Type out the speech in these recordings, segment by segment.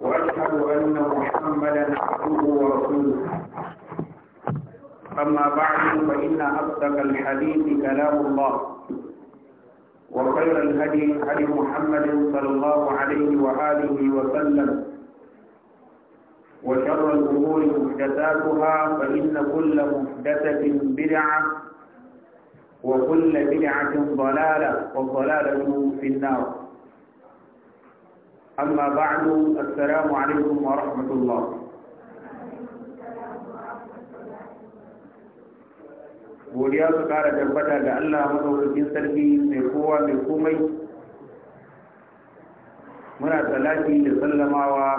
وأشهد أن محمدا عبده ورسوله أما بعد فإن أصدق الحديث كلام الله وخير الهدي هدي محمد صلى الله عليه وآله وسلم وشر الأمور محدثاتها فإن كل محدثة بدعة وكل بدعة ضلالة وضلاله في النار أما بعد السلام عليكم ورحمة الله godiya su kara tabbata da Allah madaukakin sarki mai kowa mai komai muna salati da sallamawa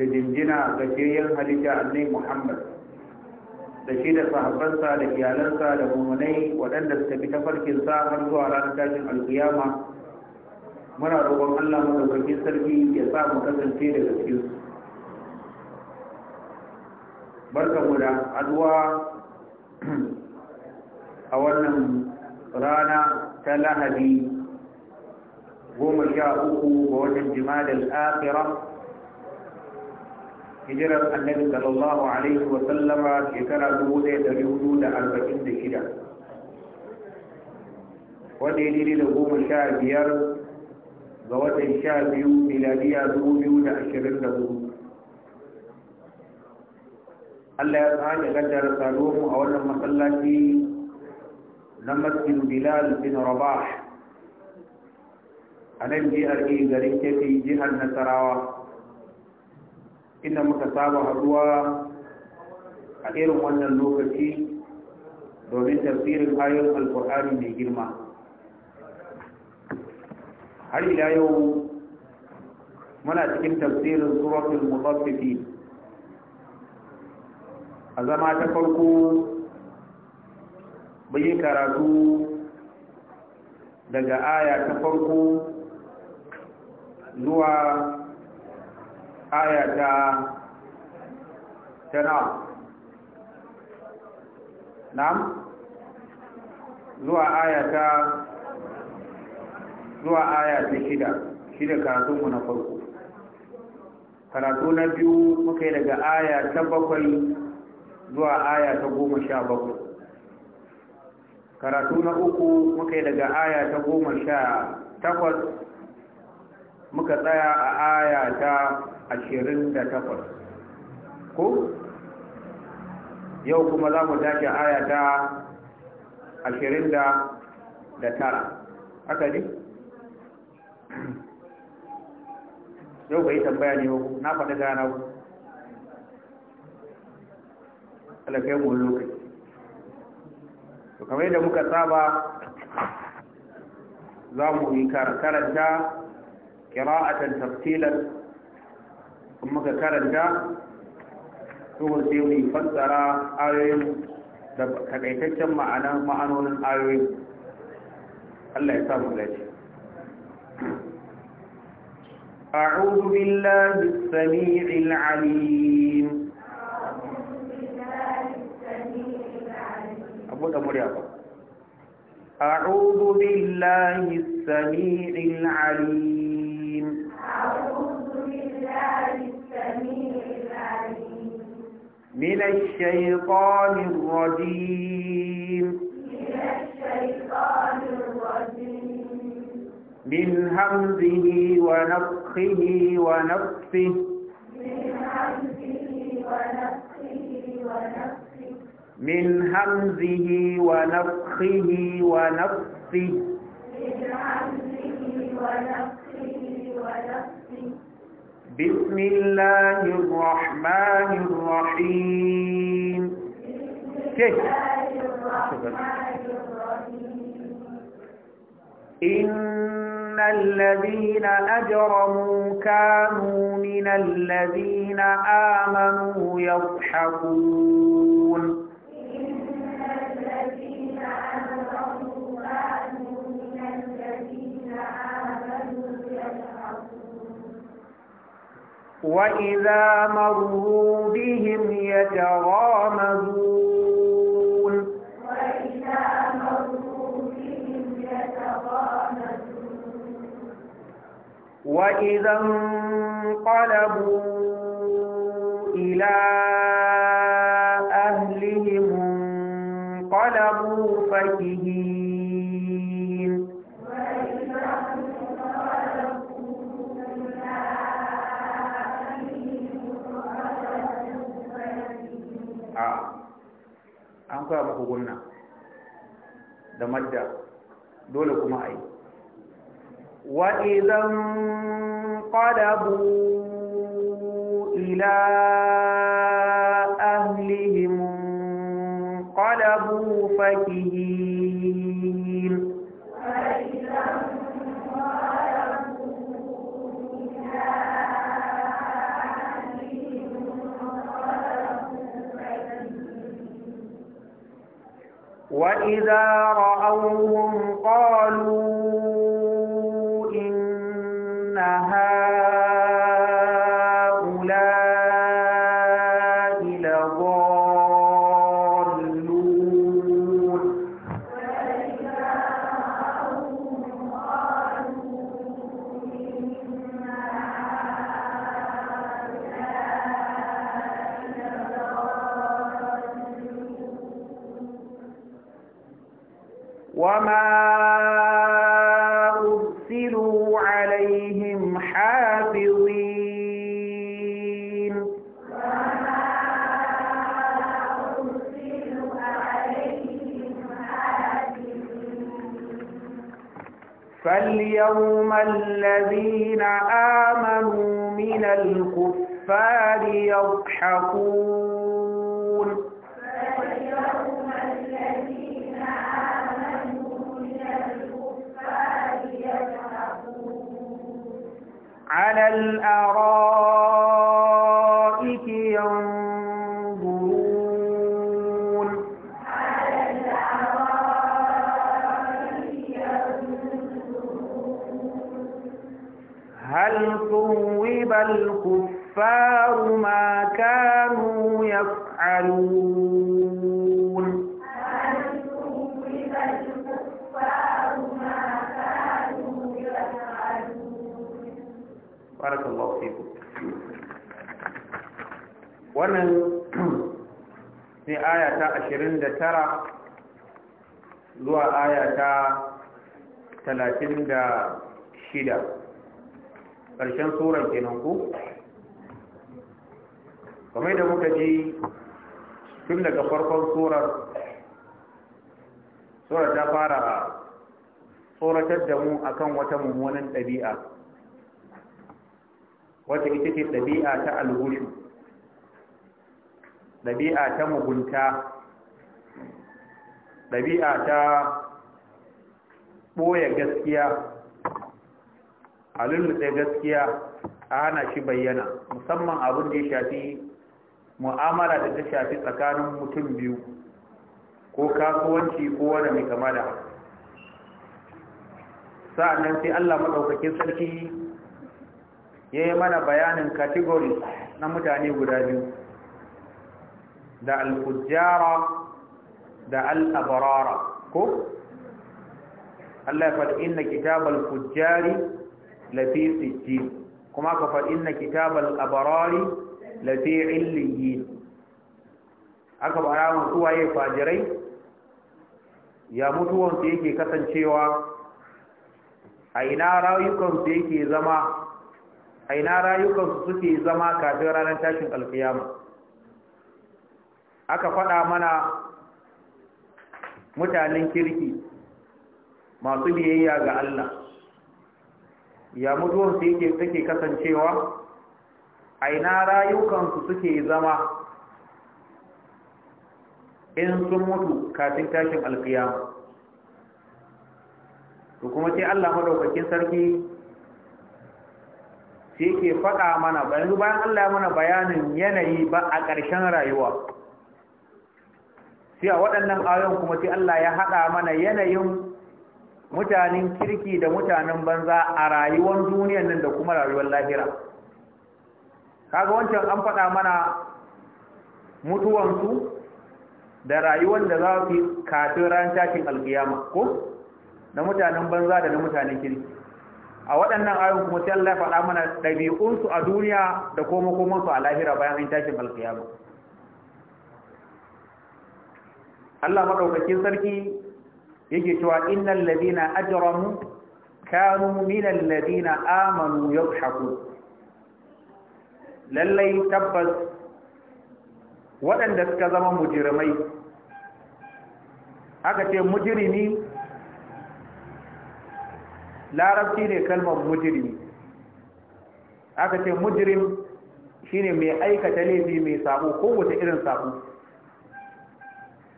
da jinjina ga shiryen halitta annai Muhammad da shi da sahabbansa da iyalansa da mummunai waɗanda suka bi tafarkinsa har zuwa ranar tashin alkiyama muna roƙon Allah madaukakin sarki ya sa mu kasance da gaske su Barka mu da addu'a a wannan rana ta lahadi goma sha uku ga watan jimadar akira hijirar annabi sallallahu alaihi wa sallama shekara dubu ɗaya ɗari hudu da arba'in da shida wanda ya daidai da goma sha biyar ga watan sha biyu miladiya dubu biyu da ashirin da hudu Allah ya tsaya gaddara saduwar mu a wannan masallaci na masjid Bilal bin Rabah a nan jihar garin kefi jihar Nasarawa inda muka saba haduwa a irin wannan lokaci domin tafsirin ayoyin alkur'ani mai girma har ila yau muna cikin tafsirin suratul mutaffifin a zama ta farko bayin karatu daga aya ta farko zuwa aya ta tana nam zuwa aya ta zuwa aya ta shida shida karatunmu na farko karatu na biyu muka yi daga aya ta bakwai zuwa aya ta goma sha bakwai karatu na uku muka yi daga aya ta goma sha takwas muka tsaya a aya ta ashirin da takwas ko yau kuma za mu dace aya ta ashirin da tara haka ne yau yi tambaya ne ko na faɗi gana ku alakai mu lokaci to kamar yadda muka saba za mu yi karanta kira'atan tafsilar kuma muka karanta tuhun sai mu yi fassara ayoyin da takaitaccen ma'anonin ayoyin Allah ya sa mu gaji أعوذ بالله السميع العليم أعوذ بالله السميع العليم أعوذ بالله السميع العليم من الشيطان الرجيم من الشيطان الرجيم من همزه ونفسه نفخه ونفسه من همزه ونفخه ونفسه بسم الله الرحمن الرحيم كيف إن إن الذين أجرموا كانوا من الذين آمنوا يضحكون وإذا مروا بهم يتغامزون وإذا انقلبوا إلى أهلهم انقلبوا فكهين an koya muku gunna da madda dole kuma a yi وإذا انقلبوا إلى أهلهم انقلبوا فكهين وإذا رأوهم قالوا اليوم الذين آمنوا من الكفار يضحكون فاليوم الذين آمنوا من الكفار يضحكون على الأراضي aya ta ashirin da tara, zuwa aya ta talatin da shida. ƙarshen tsoron kenan ku kamar da muka ji tun daga farkon tsoron tsoron ta fara tsoratar da mu akan wata mummunan ɗabi'a wata ita ce ɗabi'a ta alhushu ɗabi'a ta mugunta ɗabi'a ta ɓoye gaskiya a lullube gaskiya a hana shi bayyana musamman abin da ya shafi mu'amala da ta shafi tsakanin mutum biyu ko kasuwanci ko wani mai kama da sa'annan sai Allah maɗaukakin sarki ya yi mana bayanin kategori na mutane guda biyu da al-fujjara da al-abrara ko Allah ya faɗi inna kitabal fujjari lafi sijjin kuma ka faɗi inna kitabal abrari lafi illiyin aka ba bara mun waye fajirai ya mutuwan su yake kasancewa a ina rayukan su yake zama a ina rayukan su suke zama kafin ranar tashin alkiyama aka faɗa mana mutanen kirki masu biyayya ga Allah ya mutuwarsu yake take kasancewa aina rayukansu suke zama in sun mutu kafin tashin alkiyama to kuma sai Allah madaukakin sarki sai ke faɗa mana bayan Allah ya mana bayanin yanayi ba a ƙarshen rayuwa sai a waɗannan ayon kuma sai Allah ya haɗa mana yanayin mutanen kirki da mutanen banza a rayuwar duniyar nan da kuma rayuwar lahira kaga wancan an faɗa mana mutuwansu da rayuwar da za su yi kafin ran tashin alkiyama ko na mutanen banza da na mutanen kirki a waɗannan ayon kuma sai Allah ya faɗa mana ɗabi'unsu a duniya da kuma komansu a lahira bayan tashin alkiyama Allah madaukakin sarki yake cewa innal ladina ajramu kanu minal ladina amanu yadhhaku lallai tabbas waɗanda suka zama mujirmai aka ce mujirimi larabci ne kalmar mujirimi aka ce mujirim shine mai aikata laifi mai sabo kowace irin sabo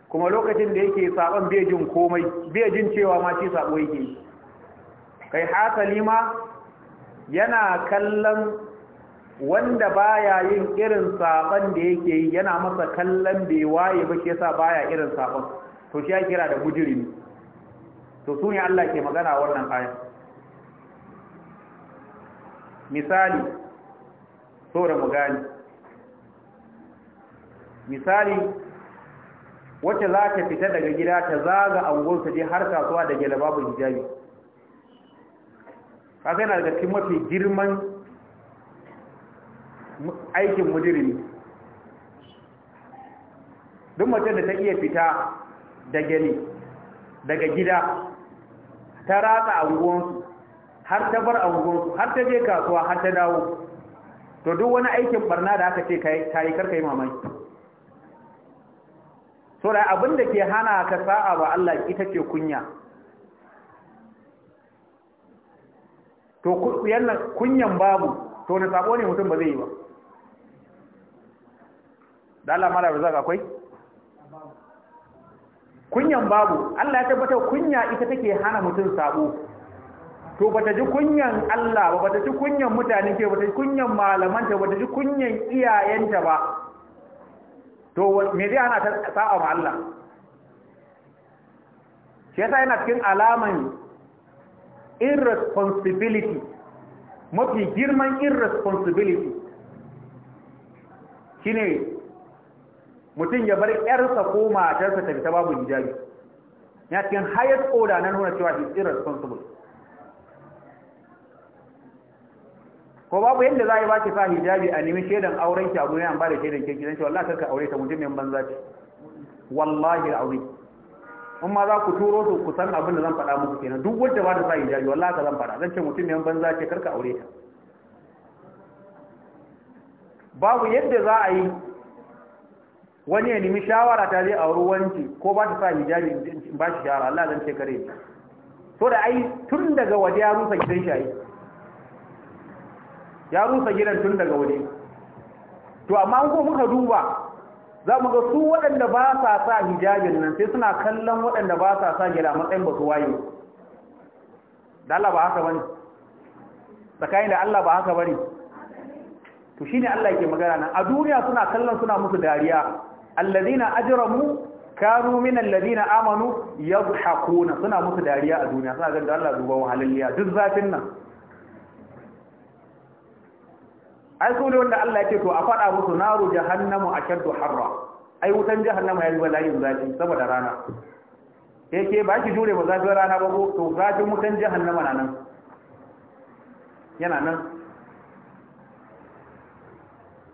kuma lokacin da yake saban bai komai bai jin cewa ma shi sabo yake kai hasali ma yana kallon wanda baya yin irin saban da yake yi yana masa kallon da waye ba shi yasa baya irin saban to shi ya kira da mujrimi to su Allah ke magana wannan aya misali so da mu gani misali wacce za ta fita daga gida ta zaga angon ta je har kasuwa da gyale babu hijabi kaga na daga cikin mafi girman aikin mudirin duk mace da ta iya fita da gyale daga gida ta ratsa anguwansu har ta bar anguwansu har ta je kasuwa har ta dawo to duk wani aikin barna da aka ce kai yi karkai yi mamaki so da abin da ke hana ka sa'a ba Allah ita ce kunya to kunyan babu to na sabo ne mutum ba zai yi ba da Allah mara razak akwai kunyan babu Allah ya tabbata kunya ita take hana mutum sabo to bata ji kunyan Allah ba bata ji kunyan mutane ke bata ji kunyan malamanta bata ji kunyan iyayenta ba to me zai hana ta sa'a ma Allah shi yasa yana cikin alaman irresponsibility mafi girman irresponsibility shine mutum ya bar ƴarsa ko matarsa ta fita babu hijabi ya cikin highest order na nuna cewa he is irresponsible ko babu yadda za a yi ba ki sa hijabi a nemi shaidan auren ki a duniya an ba da shaidan ki gidan ki wallahi karka aure ta mutum yan banza ce wallahi alazim in ma za ku turo su ku san abin da zan faɗa muku kenan duk wanda ba ta sa hijabi wallahi ka zan faɗa zan ce yan banza ce karka aure ta babu yadda za a yi wani ya nemi shawara ta zai auri wanci ko ba ta sa hijabi ba shi shawara Allah zan ce kare to da ai tun daga waje ya rusa gidan shi ai ya rusa gidan tun daga wuri to amma ko muka duba za mu ga su waɗanda ba sa sa hijabin nan sai suna kallon waɗanda ba sa sa gida matsayin ba su waye da Allah ba haka bane tsakanin da Allah ba haka bane to shine Allah yake magana nan a duniya suna kallon suna musu dariya alladhina ajramu kanu min alladhina amanu yadhhakuna suna musu dariya a duniya suna ganin Allah duban halalliya duk zafin nan ai ko ne wanda Allah ya ce to a faɗa musu naru jahannamu ashaddu harra ai wutan jahannama yayi bala'in zafi saboda rana sai ke ba ki jure ba zafin rana ba ko to zafin mutan jahannama nan yana nan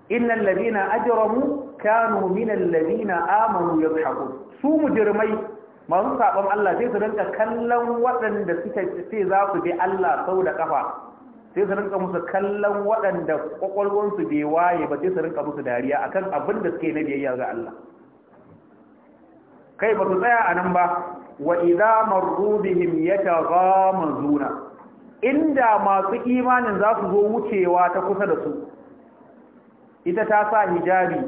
innal ladina ajramu kanu minal ladina amanu yadhhaku su mujrimai masu sabon Allah sai su danka kallon waɗanda suka ce za su bi Allah sau da kafa sai su rinka musu kallon waɗanda kwakwalwansu bai waye ba sai su rinka musu dariya a kan abin da suke na biyayya ga Allah kai ba su tsaya a nan ba wa idza marru bihim zuna. inda masu imanin za su zo wucewa ta kusa da su ita ta sa hijabi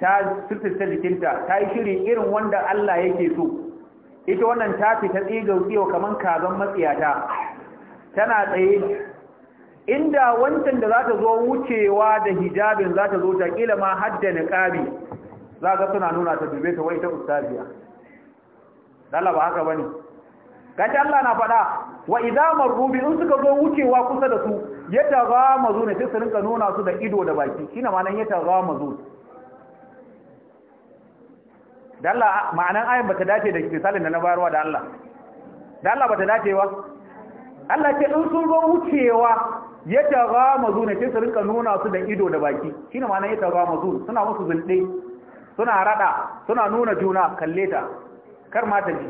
ta sirtista jikinta ta yi shiri irin wanda Allah yake so ita wannan ta fita tsiga tsiyo kamar kazan matsiyata tana tsaye inda wancan da za ta zo wucewa da hijabin za ta zo ta kila ma hadda niqabi za ga suna nuna ta dube ta wai ta ustaziya dalla ba haka bane kace Allah na faɗa wa idza marru bi in suka zo wucewa kusa da su ya yataghamazu ne sai su rinka nuna su da ido da baki shine ma nan ma da Allah ma'anan ayin bata dace da misalin da na bayarwa da Allah Dalla bata dace ba Allah ce in sun zo wucewa ya tagamazu ne sai su rinka nuna su da ido da baki shine ma nan ya tagamazu suna musu zulde suna rada suna nuna juna kalle ta kar ma ta ji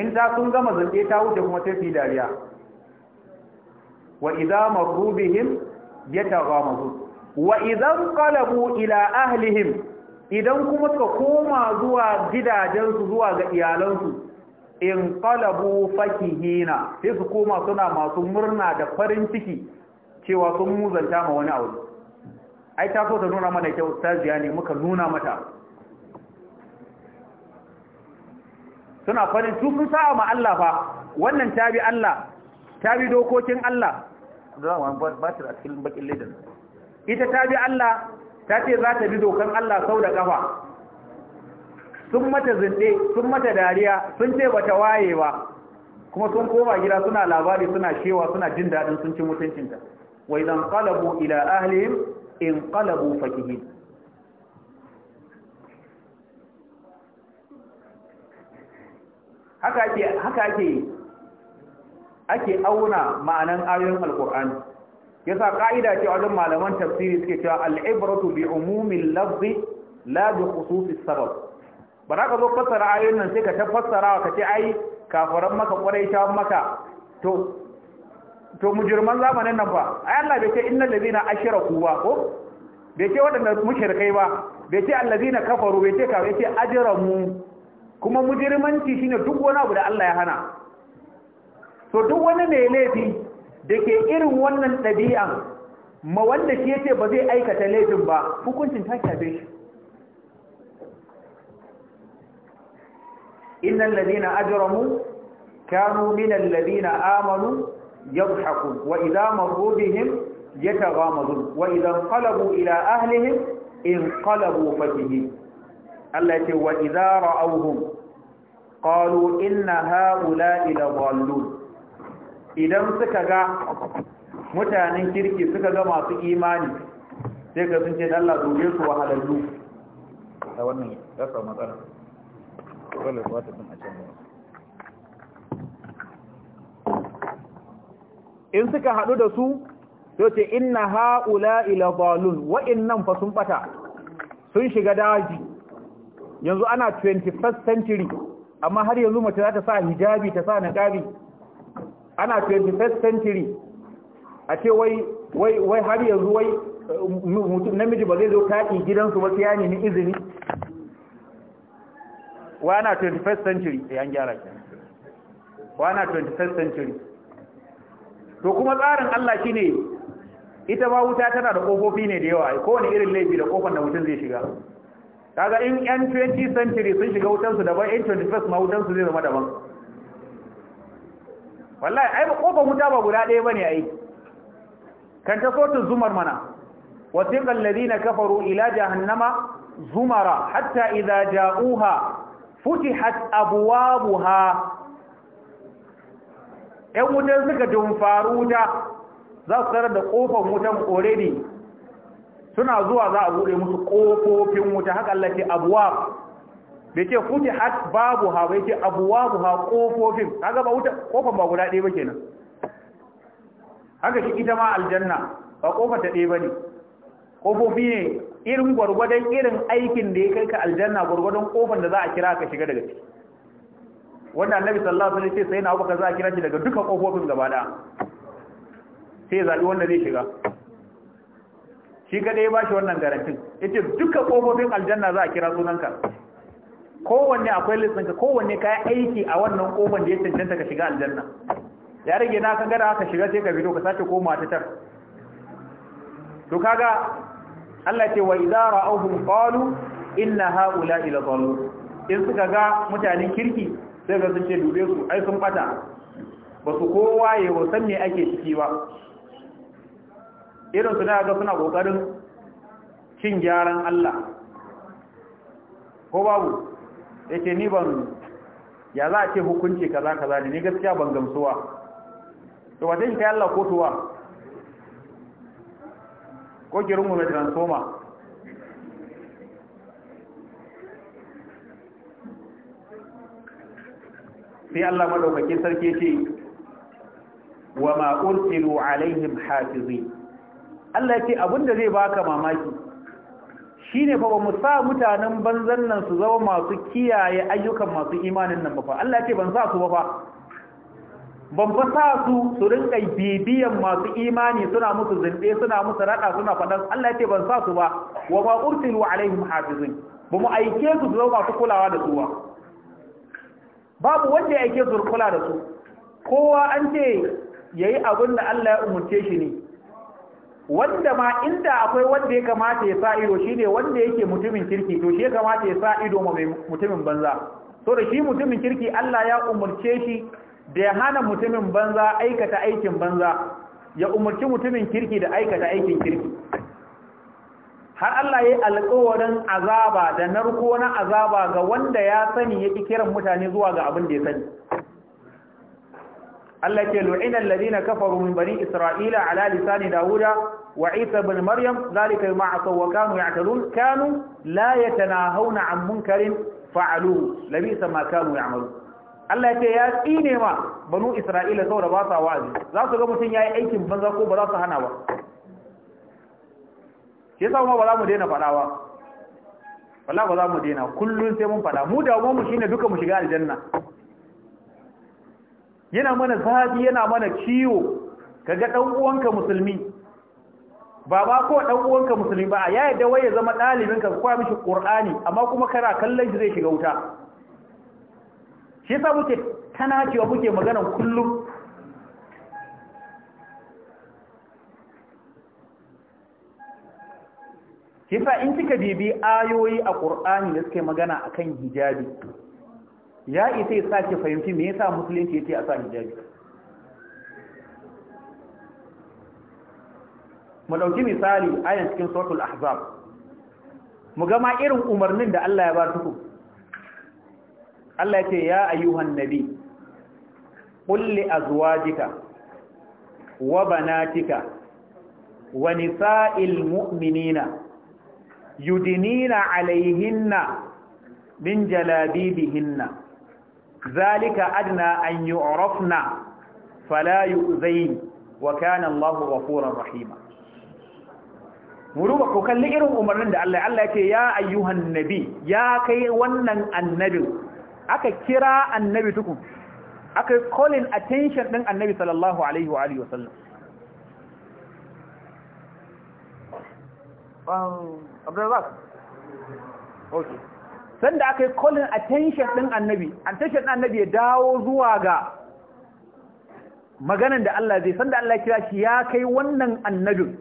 in ta sun gama zulde ta wuce kuma sai fi yi dariya wa idza marru bihim yataghamazu wa idza qalabu ila ahlihim idan kuma suka koma zuwa gidajensu zuwa ga iyalansu in qalabu fakihina sai su koma suna masu murna da farin ciki cewa sun muzanta ma wani aure ai ta so ta nuna mana kyau ustaziya ne muka nuna mata suna farin su sun sa'a ma Allah fa wannan ta bi Allah ta bi dokokin Allah ita ta bi Allah ta ce za ta bi dokan Allah sau da kafa sun mata zinde sun mata dariya sun ce bata waye ba kuma sun koma gida suna labari suna shewa suna jin dadin sun ci mutuncinta wa idan qalabu ila ahlihim in qalabu fakih haka ake haka ake ake auna ma'anan ayoyin alqur'ani yasa ka'ida ce wajen malaman tafsiri suke cewa al-ibratu bi umumil lafzi la bi khususis sabab ba za ka zo fassara ayoyin nan sai ka ta fassara ka ce ai kafaran maka kwarai shawon maka to to mujirman zamanin nan ba ai Allah bai ce innal ladina ashraku ba ko bai ce waɗanda mushrikai ba bai ce allazina kafaru bai ce ka bai ce ajramu kuma mujirmanci shine duk wani abu da Allah ya hana to duk wani mai laifi da ke irin wannan ɗabi'an ma wanda shi yace ba zai aikata laifin ba hukuncin ta shafe shi innal ladina ajramu kanu minal ladina amanu yadhhakun wa idha marru bihim yataghamazun wa idha qalabu ila ahlihim inqalabu fakihin Allah ce wa idza ra'awhum idan suka ga mutanen kirki suka ga masu imani sai ka sun ce Allah doge su wahalallu a wannan ya samu matsala in suka haɗu da su sai ce inna ha'ula ila balun wa'innan fa sun bata sun shiga daji yanzu ana 21st century amma har yanzu mace za ta sa hijabi ta sa niqabi ana 21st century a ce wai wai wai har yanzu wai eh, namiji ba zai zo taki gidansu ba sai ya nemi izini wana 21st century sai eh, an gyara ki wana 21st century to kuma tsarin Allah shine ita ma wuta tana da kofofi ne da yawa kowane irin laifi da kofar da mutum zai shiga kaga in yan 20th century sun shiga wutan su daban yan 21st ma wutan su zai zama daban wallahi ai kofar wuta ba guda ɗaya bane ai kan ta sotin zumar mana wasiqal ladina kafaru ila jahannama zumara hatta idza ja'uha futihat abwabuha ɗan wutan suka dumfaru wuta za su tsara da ƙofar wutan already suna zuwa za a buɗe musu ƙofofin wuta haka Allah ce abuwab bai ce futihat babu ha bai ce abuwabu ha ƙofofin kaga ba wuta ƙofar ba guda ɗaya ba kenan haka shi ita ma aljanna ba ƙofar ta ɗaya ba ne ƙofofi ne irin gwargwadon irin aikin da ya kai ka aljanna gwargwadon kofar da za a kira ka shiga daga ciki wanda annabi sallallahu alaihi wasallam sai na abuka za a kira shi daga duka kofofin gaba da sai zabi wanda zai shiga shi ka dai ba shi wannan garantin yace duka kofofin aljanna za a kira sunanka kowanne akwai listin ka kowanne kai aiki a wannan kofar da ya cancanta ka shiga aljanna ya rage na kan gada ka shiga sai ka fito ka sace komawa ta tar to kaga Allah ce wa idza ra'awhum qalu inna haula ila dhallu in suka ga mutanen kirki sai ga sun ce dube su ai sun bata ba su kowa ya san me ake ciki ba irin su ga suna kokarin cin gyaran Allah ko babu yace ni ban ya za a ce hukunci kaza kaza ne ni gaskiya ban gamsuwa to wajen kai Allah kotuwa ko mu rungume transforma sai Allah madaukakin sarki ce wa ma ursilu alaihim hafizi Allah ya ce abinda zai baka mamaki shine fa ba mu sa mutanen banzan nan su zama masu kiyaye ayyukan masu imanin nan ba fa Allah ya ce ban sa su ba fa ban fa sa su su rinka bibiyan masu imani suna musu zinde suna musu rada suna fadan Allah yake ban sa su ba wa ba ursilu alaihim hafizin ba mu aike su zo masu kulawa da su ba babu wanda ya aike kula da su kowa an ce yayi abin da Allah ya umurce shi ne wanda ma inda akwai wanda ya kamata ya sa ido shine wanda yake mutumin kirki to shi ya kamata ya sa ido ma mutumin banza to da shi mutumin kirki Allah ya umurce shi da ya hana mutumin banza aikata aikin banza ya umarci mutumin kirki da aikata aikin kirki har Allah ya yi alƙawarin azaba da narko na azaba ga wanda ya sani ya ƙi kiran mutane zuwa ga abin da ya sani Allah ke lu'ina alladhina kafaru min bani isra'ila ala lisani dawuda wa isa bin maryam zalika ma asaw wa kanu ya'talun kanu la yatanahawna an munkarin fa'aluhu labisa ma kanu ya'malun Allah ya ce ya tsine ma banu Isra'ila saboda ba sa wa'azi za su ga mutum yayi aikin banza ko ba za su hana ba shi yasa kuma ba za mu daina faɗa ba wallahi ba za mu daina kullun sai mun faɗa mu da mu shine duka mu shiga aljanna yana mana zafi yana mana ciwo kaga dan uwanka musulmi ba ba ko dan uwanka musulmi ba ya yadda wai ya zama dalibin ka koya mishi qur'ani amma kuma kana kallon shi zai shiga wuta shi yasa muke cewa muke magana kullum shi yasa in kika bibi ayoyi a Qur'ani da suke magana akan hijabi ya isa ya sake fahimci me yasa musulunci yake a sa hijabi mu ɗauki misali ayan cikin suratul ahzab mu ga ma irin umarnin da Allah ya ba ku. Allah ya ce ya ayyuhan nabi qul azwajika wa banatika wa nisa'il mu'minina yudinina 'alayhinna min jalabibihinna zalika adna an yu'rafna fala yu'zayn wa kana Allahu ghafurur rahima muruba ko kalli irin umarnin da Allah Allah yake ya ayyuhan nabi ya kai wannan annabin aka kira annabi tukun aka yi calling attention ɗin annabi sallallahu alaihi wa alihi wasallam um, sanda aka yi calling attention ɗin annabi attention ɗin annabi ya dawo zuwa ga maganan da Allah zai sanda Allah kira shi ya kai wannan annabin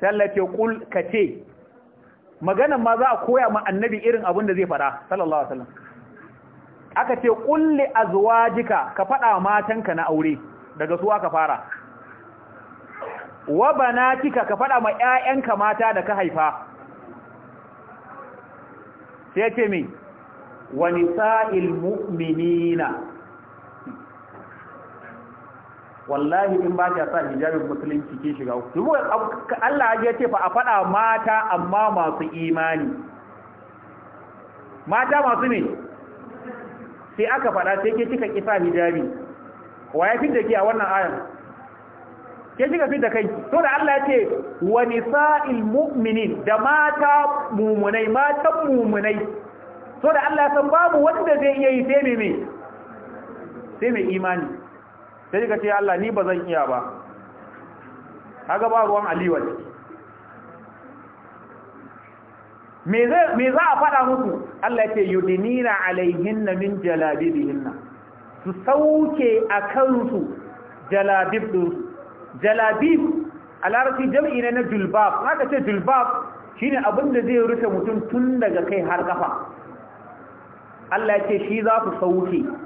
sai Allah kul ka ce maganan ma za a koya ma annabi irin abin da zai fada sallallahu alaihi wasallam aka ce kulli azwajika ka fada matanka na aure daga su ka fara wa banatika ka fada ma ƴaƴanka mata da ka haifa sai ce me wa nisa'il mu'minina wallahi in ba ta sa hijabin musulunci ke shiga uku Allah ya ce fa a faɗa mata amma masu imani mata masu ne sai aka faɗa sai ke kika kisa hijabi wa ya fidda ke a wannan ayar ke kika fidda kai to da Allah ya ce wa nisa'il mu'minin da mata mumunai matan mumunai to da Allah ya san babu wanda zai iya yi sai sai mai imani sai ka ce Allah ni ba zan iya ba kaga ba ruwan aliwa me me za a fada musu Allah yake yudinina alaihinna min jalabibihinna su sauke akan su jalabib din jalabib a larabci jam'i na julbab haka ce julbab shine abin da zai rufe mutum tun daga kai har kafa Allah yake shi za su sauke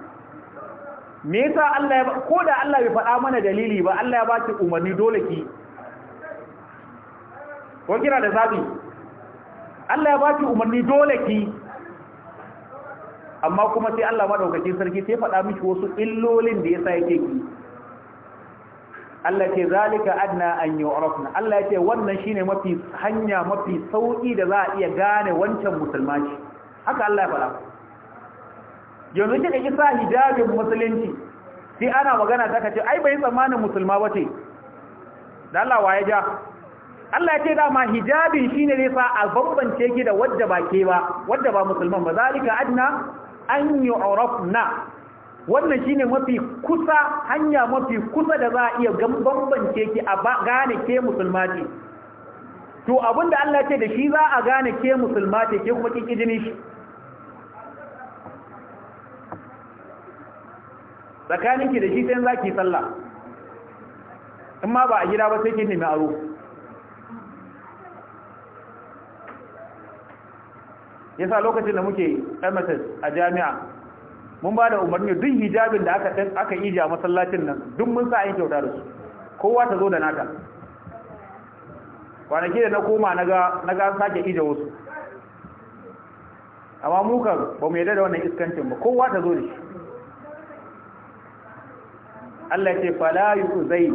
me yasa Allah ya ko da Allah bai faɗa mana dalili ba Allah ya ba ki umarni dole ki ko kira da zabi Allah ya ba ki umarni dole ki amma kuma sai Allah madaukakin sarki sai faɗa miki wasu illolin da yasa yake ki Allah ce zalika adna an yu'rafna Allah ce wannan shine mafi hanya mafi sauki da za a iya gane wancan musulmanci haka Allah ya faɗa yanzu kika kisa hijabin musulunci sai ana magana ta kace ai bai tsammanin musulma bace da Allah waye ja Allah ya ce dama hijabin shine ne fa a bambance ki da wadda ba ke ba wadda ba musulman ba zalika adna an yu'rafna wannan shine mafi kusa hanya mafi kusa da za a iya bambance ki a gane ke musulma ce to abinda Allah ya ce da shi za a gane ke musulma ce ke kuma jini shi tsakaninki da shi sai za ki sallah in ma ba a gida ba sai ki nemi aro yasa lokacin da muke MSS a jami'a mun ba da umarni duk hijabin da aka aka ije a masallacin nan duk mun sa yin kyauta da su kowa ta zo da nata kwanaki da na koma naga naga sake ije wasu amma mu kan ba mu yarda da wannan iskancin ba kowa ta zo da shi Allah ce fala yuzai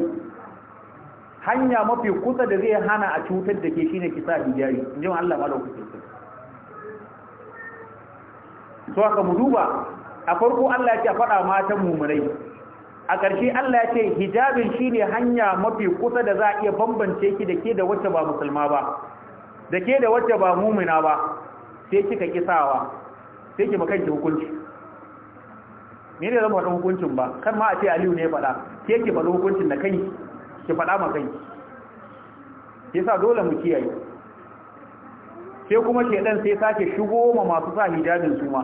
hanya mafi kusa da zai hana a cutar da ke shine kisa hijabi inji Allah ce so aka mu duba a farko Allah ya ce a faɗa matan mumurai a ƙarshe Allah ya ce hijabin shine hanya mafi kusa da za a iya bambance ki da ke da wacce ba musulma ba da ke da wacce ba mumina ba sai kika kisawa sai ki makanki hukunci me ne zama faɗin hukuncin ba kan ma a ce aliyu ne faɗa ke yake faɗi hukuncin da kai ki faɗa ma kai yasa dole mu kiyaye sai kuma shaidan sai sake shigo ma masu sa hijabin su ma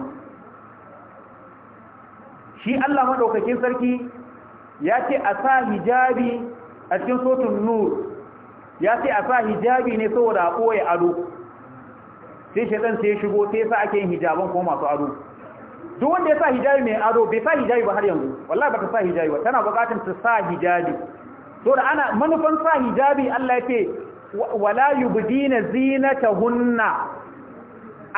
shi Allah madaukakin sarki ya ce a sa hijabi a cikin sotun nur ya ce a sa hijabi ne saboda a koya ado sai shaidan sai shigo sai sa ake yin hijaban kuma masu ado duk wanda ya sa hijabi mai ado bai sa hijabi ba har yanzu wallahi baka sa hijabi ba tana bukatun ta sa hijabi to da ana manufan sa hijabi Allah yake wala yubdina zinatahunna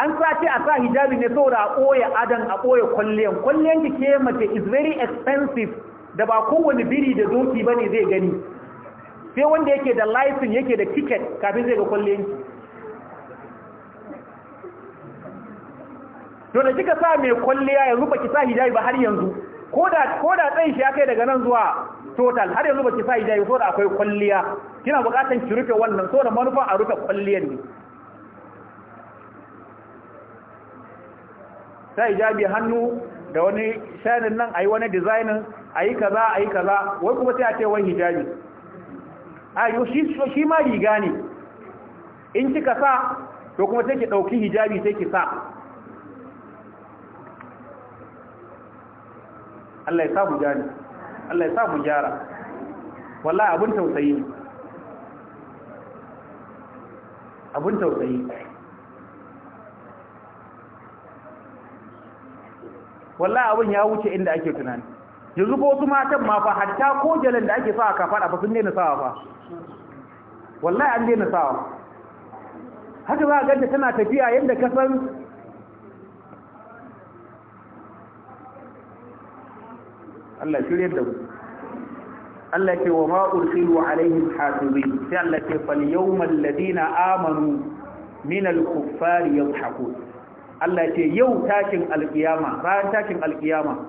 an sace a sa hijabi ne saboda a koya adan a koya kwalliyan kwalliyan ki ke mace is very expensive da ba kowane biri da zoki bane zai gani sai wanda yake da license yake da ticket kafin zai ga kwalliyan ki to da kika sa mai kwalliya yanzu baki sa hijabi ba har yanzu ko da ko da shi akai daga nan zuwa total har yanzu baki sa hijabi so da akwai kwalliya kina bukatan ki rufe wannan so manufa a rufe kwalliyar ne sai hijabi hannu da wani shanin nan ayi wani designin ayi kaza ayi kaza wai kuma sai a ce wai hijabi a yo shi shi ma riga ne in kika sa to kuma sai ki dauki hijabi sai ki sa Allah ya sa mu gani Allah ya sa mu gyara wallahi abun tausayi abun tausayi wallahi abun ya wuce inda ake tunani yanzu ko wasu matan ma fa hatta ko jalan da ake sa a kafada fa sun daina sawa fa wallahi an daina sawa haka za a ganta tana tafiya yadda ka san Allah shiryar da ku. Allah ce wa ma ursilu alaihim hafizin sai Allah ce fal yawmal ladina amanu min al kuffari yadhhakun Allah ce yau tashin alkiyama ran tashin alkiyama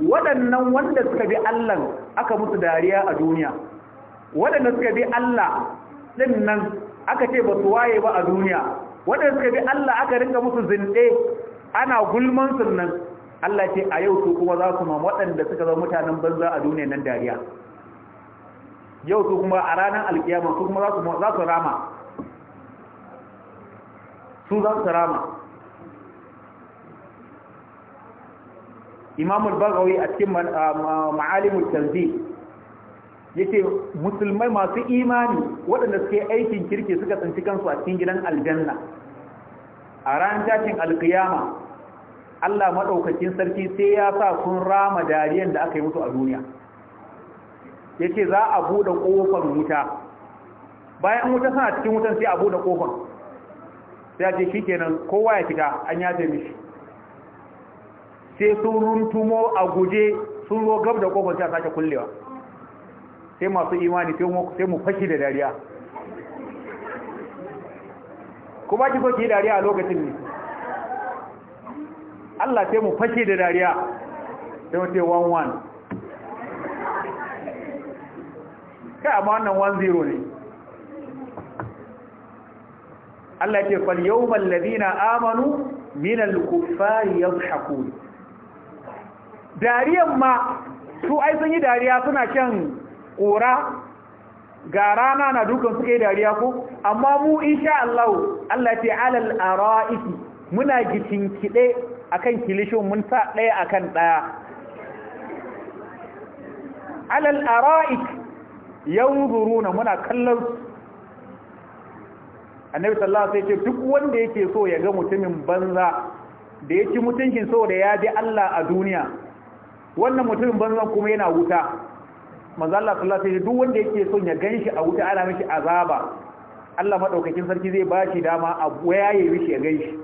waɗannan wanda suka bi Allah aka musu dariya a duniya waɗanda suka bi Allah din nan aka ce ba su waye ba a duniya waɗanda suka bi Allah aka rinka musu zinɗe ana gulman nan. Allah ce a yau su kuma za su ma waɗanda suka zama mutanen banza a duniya nan dariya yau su kuma a ranar alkiyama su kuma za su rama su za su rama imamul bagawi a cikin ma'alimul tanzi yake musulmai masu imani waɗanda suke aikin kirki suka tsinci kansu a cikin gidan aljanna a ranar tashin alkiyama Allah maɗaukakin sarki sai ya sa kun rama dariyan da aka yi musu a duniya ya ce za a buɗe ƙofar wuta bayan wuta suna cikin wutan sai a buɗe ƙofar sai a ce shi kenan kowa ya fita an ya taimi mishi sai sun runtumo a guje sun zo gab da ƙofar sai a sake kullewa sai masu imani sai mu fashi da dariya kuma ki so ki yi dariya a lokacin ne Allah sai mu fashe da dariya sai mu ce 1-1 kai amma wannan 1-0 ne Allah ce fal yau yawmal na amanu minal ya haku dariyan ma su ai sun yi dariya suna kyan ƙura ga rana na dukan suke dariya ko amma mu insha Allah Allah ce alal ara'iki muna gitin kide akan kilishin mun sa ɗaya akan ɗaya alal ara'ik yanzuruna muna kallon annabi sallallahu alaihi wasallam duk wanda yake so ya ga mutumin banza da ya mutuncin so da ya ji Allah a duniya wannan mutumin banza kuma yana wuta manzo Allah sallallahu alaihi duk wanda yake so ya ganshi a wuta ana mishi azaba Allah madaukakin sarki zai ba shi dama a wayaye mishi ya ganshi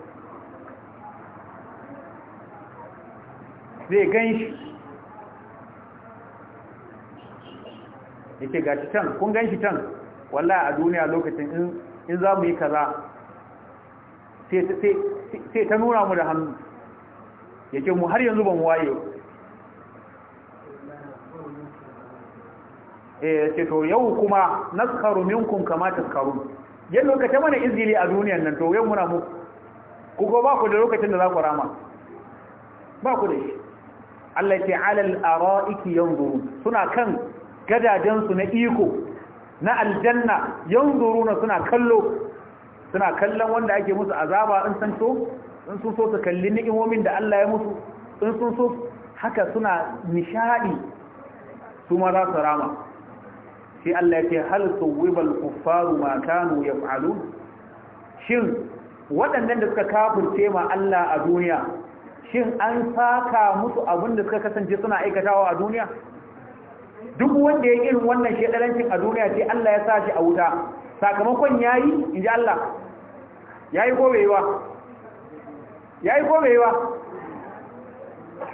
zai gan shi yake gashi can kun gan shi can wallahi a duniya lokacin in za mu yi kaza sai ta nuna mu da hannu yake mu har yanzu ba mu waye eh ce to yau kuma naskaru minkum kama taskaru yan lokacin mana izini a duniyan nan to yau muna muku ku ba ku da lokacin da za ku rama ba ku da shi Allah ce alal ara'iki yanzuru suna kan gadajensu na iko na aljanna yanzuruna suna kallo suna kallon wanda ake musu azaba in san in sun so su kalli ni'imomin da Allah ya musu in sun so haka suna nishadi su ma za su rama Shi Allah ya ce hal suwibal kuffaru ma kanu yaf'alun shin waɗannan da suka kafurce ma Allah a duniya shin an saka musu abin da suka kasance suna aikatawa a duniya duk wanda ya irin wannan shedarancin a duniya sai Allah ya sa shi a wuta sakamakon yayi inji Allah yayi ko bai wa yayi ko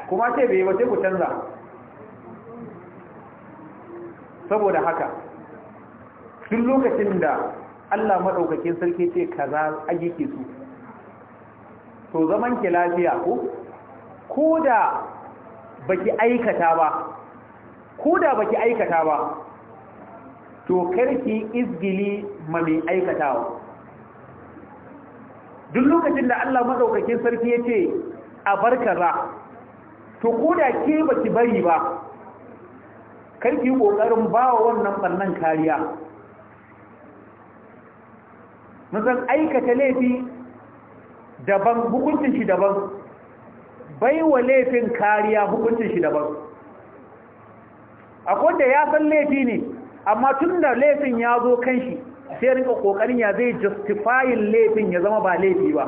kuma sai bai wa sai ku canza saboda haka duk lokacin da Allah madaukakin sarki ce kaza ayyuke su to zaman ke lafiya ko ko da baki aikata ba ko baki aikata ba to karki izgili ma mai aikatawa duk lokacin da Allah madaukakin sarki yace a barkaza to ko da ke baki bari ba karki kokarin wa wannan bannan kariya mun san aikata laifi daban hukuncin shi daban bai wa laifin kariya hukuncin shi daban akwai da ya san laifi ne amma tun da laifin ya zo kan shi sai rinka kokarin ya zai justifayin laifin ya zama ba laifi ba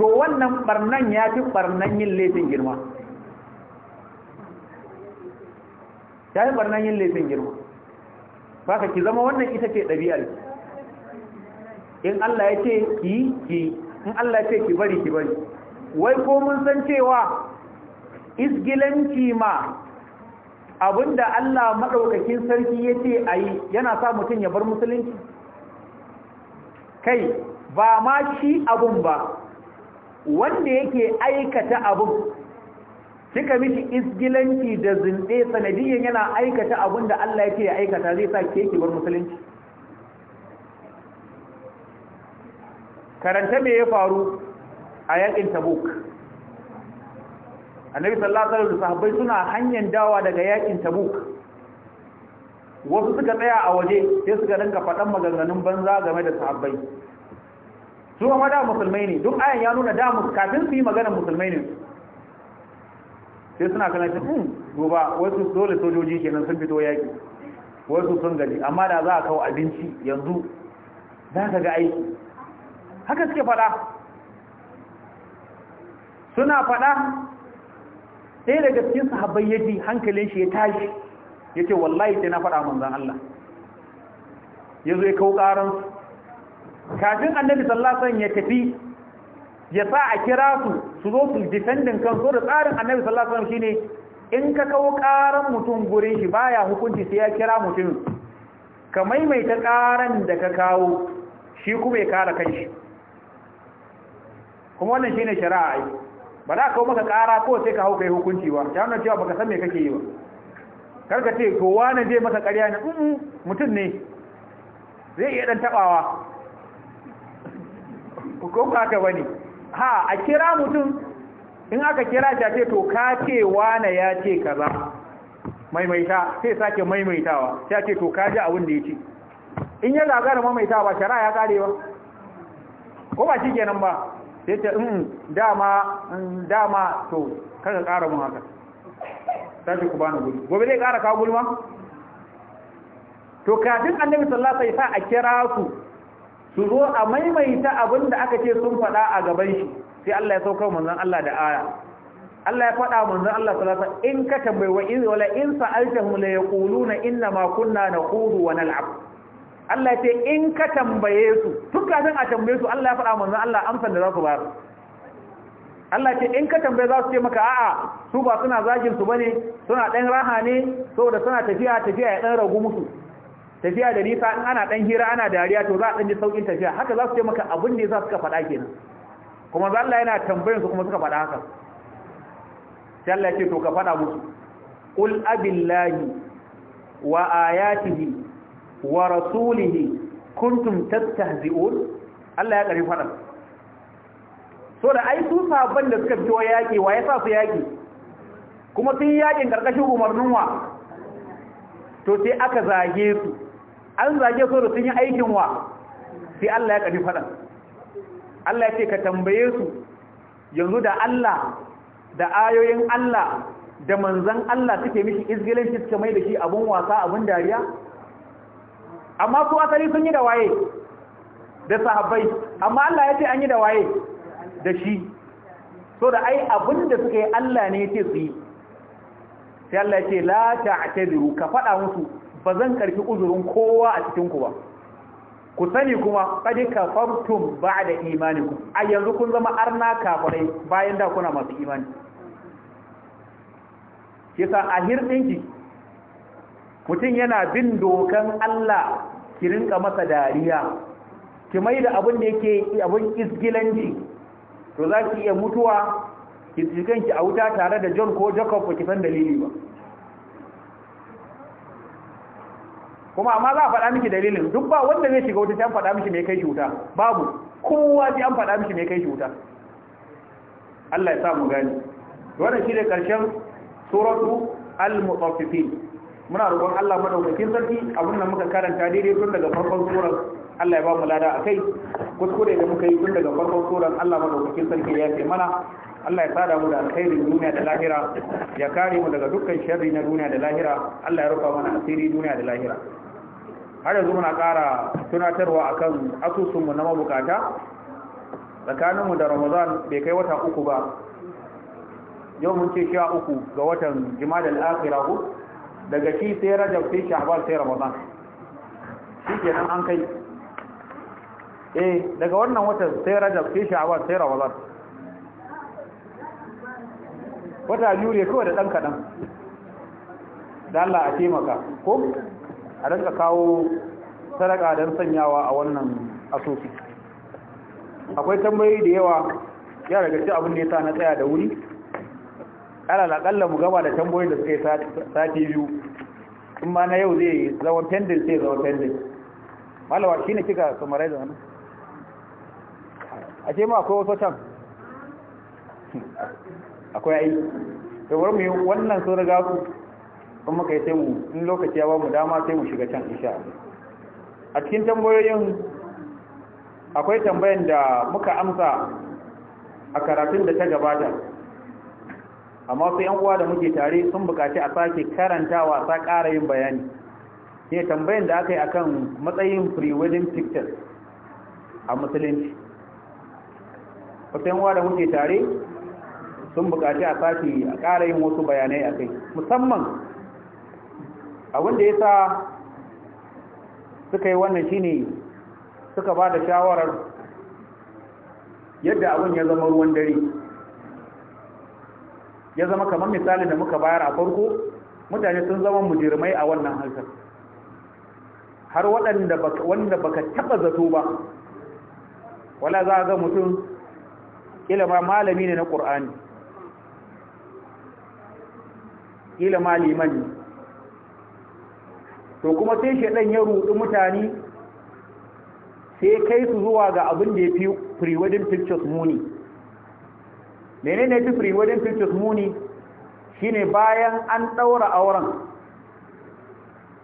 to wannan barnan ya fi barnan yin laifin girma ya fi barnan yin laifin girma ba ka ki zama wannan ita ce ɗabi'ar in Allah ya ce ki ki in Allah ya ce ki bari ki bari wai ko mun san cewa isgilanci ma abinda Allah maɗaukakin sarki ya ce a yi yana sa mutum ya bar musulunci kai ba ma shi abun ba wanda yake aikata abun suka mishi isgilanci da zinde sanadiyyan yana aikata abun da Allah yake ya aikata zai sa ke bar musulunci karanta me ya faru a yakin tabuk annabi sallallahu alaihi wasallam sahabbai suna hanyar dawa daga yakin tabuk wasu suka tsaya a waje sai suka dinga faɗan maganganun banza game da sahabbai su ma da musulmai ne duk ayan ya nuna da kafin su yi magana musulmai ne sai suna kana shi hmm goba wasu dole sojoji kenan sun fito yaki wasu sun gani amma da za a kawo abinci yanzu za ka ga aiki haka suke faɗa suna faɗa sai daga cikin sahabbai yaji hankalin shi ya tashi yake wallahi sai na faɗa manzon Allah ya zo ya kawo ƙaransu kafin annabi wasallam ya tafi ya sa a kira su su zo su defendin kansu da tsarin annabi alaihi shi ne in ka kawo ƙaran mutum gurin shi baya hukunci sai ya kira mutum ka maimaita ƙaran da ka kawo shi kuma ya kare kanshi kuma wannan shine shari'a ba za ka maka ƙara ko sai ka hau kai hukunci ba ta wannan cewa baka san me kake yi ba kar ka ce to wani zai maka ƙarya ne umu mutum ne zai iya dan tabawa ko ba ka bane ha a kira mutum in aka kira ta ce to ka ce wani ya ce kaza maimaita sai sake maimaitawa ta ce to ka ji abin da ya ce in ya gagara maimaitawa shara ya kare ba. ko ba shi kenan ba sai ta in mm, dama mm, dama to kada ƙara mun haka sai ku bani guri gobe zai ƙara kawo gulma to kafin annabi sallallahu alaihi wasallam a kira su su zo a maimaita abin da aka ce sun faɗa a gaban shi sai Allah ya sauka manzon Allah da aya Allah ya faɗa manzon Allah sallallahu alaihi wasallam in ka tambayi wa in wala in sa'altahum la yaquluna inna ma kunna naqulu wa nal'ab Allah ya ce in ka tambaye su tun kafin a tambaye su Allah ya faɗa manzo Allah amsan da za ku bayar Allah ce in ka tambaye za su ce maka a'a su ba suna zagin su bane suna dan raha ne saboda suna tafiya tafiya ya dan ragu musu tafiya da nisa in ana dan hira ana dariya to za a dan ji saukin tafiya haka za su ce maka abin da yasa suka faɗa kenan kuma za Allah yana tambayin su kuma suka faɗa haka sai Allah ya ce to ka faɗa musu qul abillahi wa ayatihi wa rasulihi kuntum tattahzi'un Allah ya kare fadan so da ai su sabon da suka fito yaki wa yasa su yaki kuma sun yakin karkashin umarnin wa to sai aka zage su an zage su da sun yi aikin wa sai Allah ya kare fadan Allah ya ce ka tambaye su yanzu da Allah da ayoyin Allah da manzan Allah suke mishi izgilanci suke mai da shi abun wasa abun dariya amma su asali sun yi da waye da sahabbai amma Allah ya ce an yi da waye da shi so da ai abin da suka yi Allah ne ya ce su yi sai Allah ya ce la ka faɗa musu ba zan karfi uzurin kowa a cikin ku ba ku sani kuma qad ba da imaninku. a yanzu kun zama arna kafirai bayan da kuna masu imani kisa a hirdinki mutum yana bin dokan Allah ki rinka masa dariya ki mai da abin da yake abin isgilanci to za ki iya mutuwa ki tsikanki a wuta tare da John ko Jacob ba ki san dalili ba kuma amma za a faɗa miki dalilin duk ba wanda zai shiga wuta sai an faɗa miki mai kai shi wuta babu kowa sai an faɗa miki mai kai shi wuta Allah ya sa mu gani wannan shi ne ƙarshen suratu al-mutaffifin muna roƙon Allah madaukakin sarki abin da muka karanta daidai tun daga farkon surar Allah ya ba mu lada a kai kuskure da muka yi tun daga farkon surar Allah madaukakin sarki ya ce mana Allah ya sada mu da alkhairin duniya da lahira ya kare mu daga dukkan sharri na duniya da lahira Allah ya rufa mana asiri duniya da lahira har yanzu muna kara tunatarwa akan asusun mu na mabukata tsakanin mu da Ramadan bai kai wata uku ba yau mun ce sha uku ga watan jima'a da al'akira daga shi sai rajab sai shahbal sai ramadan shi ke nan an kai eh daga wannan watan sai rajab sai shahbal sai ramadan wata yuri kawai da ɗan kaɗan da Allah a taimaka ko a rinka kawo sadaka don sanyawa a wannan asusu akwai tambayoyi da yawa ya daga ci abin da ya sa na tsaya da wuri ƙara laƙalla mu gama da tambayoyin da suka yi sati biyu in ma na yau zai zama pendin sai zama pendin malawa shi ne kika sumarai da hannu a ce ma akwai wasu can akwai ai yawar mu yi wannan sun riga ku in muka yi taimu, in lokaci ya ba mu dama sai mu shiga can isha. a cikin tambayoyin akwai tambayin da muka amsa a karatun da ta gabata amma su yan uwa da muke tare sun bukaci a sake karantawa sa ƙara yin bayani ne tambayin da aka yi akan matsayin pre-wedding pictures a musulunci wasu yan uwa da muke tare sun bukaci a sake a ƙara yin wasu bayanai a kai musamman abin da ya sa suka yi wannan shine suka ba da shawarar yadda abin ya zama ruwan dare ya zama kamar misalin da muka bayar a farko mutane sun zama mujirmai a wannan harkar har waɗanda wanda baka taɓa zato ba wala za a ga mutum kila ma malami ne na ƙur'ani kila ma liman ne to kuma sai shaɗan ya ruɗi mutane sai kai su zuwa ga abin da ya fi pre-wedding pictures muni menene tifri wajen fitus muni shine bayan an daura auren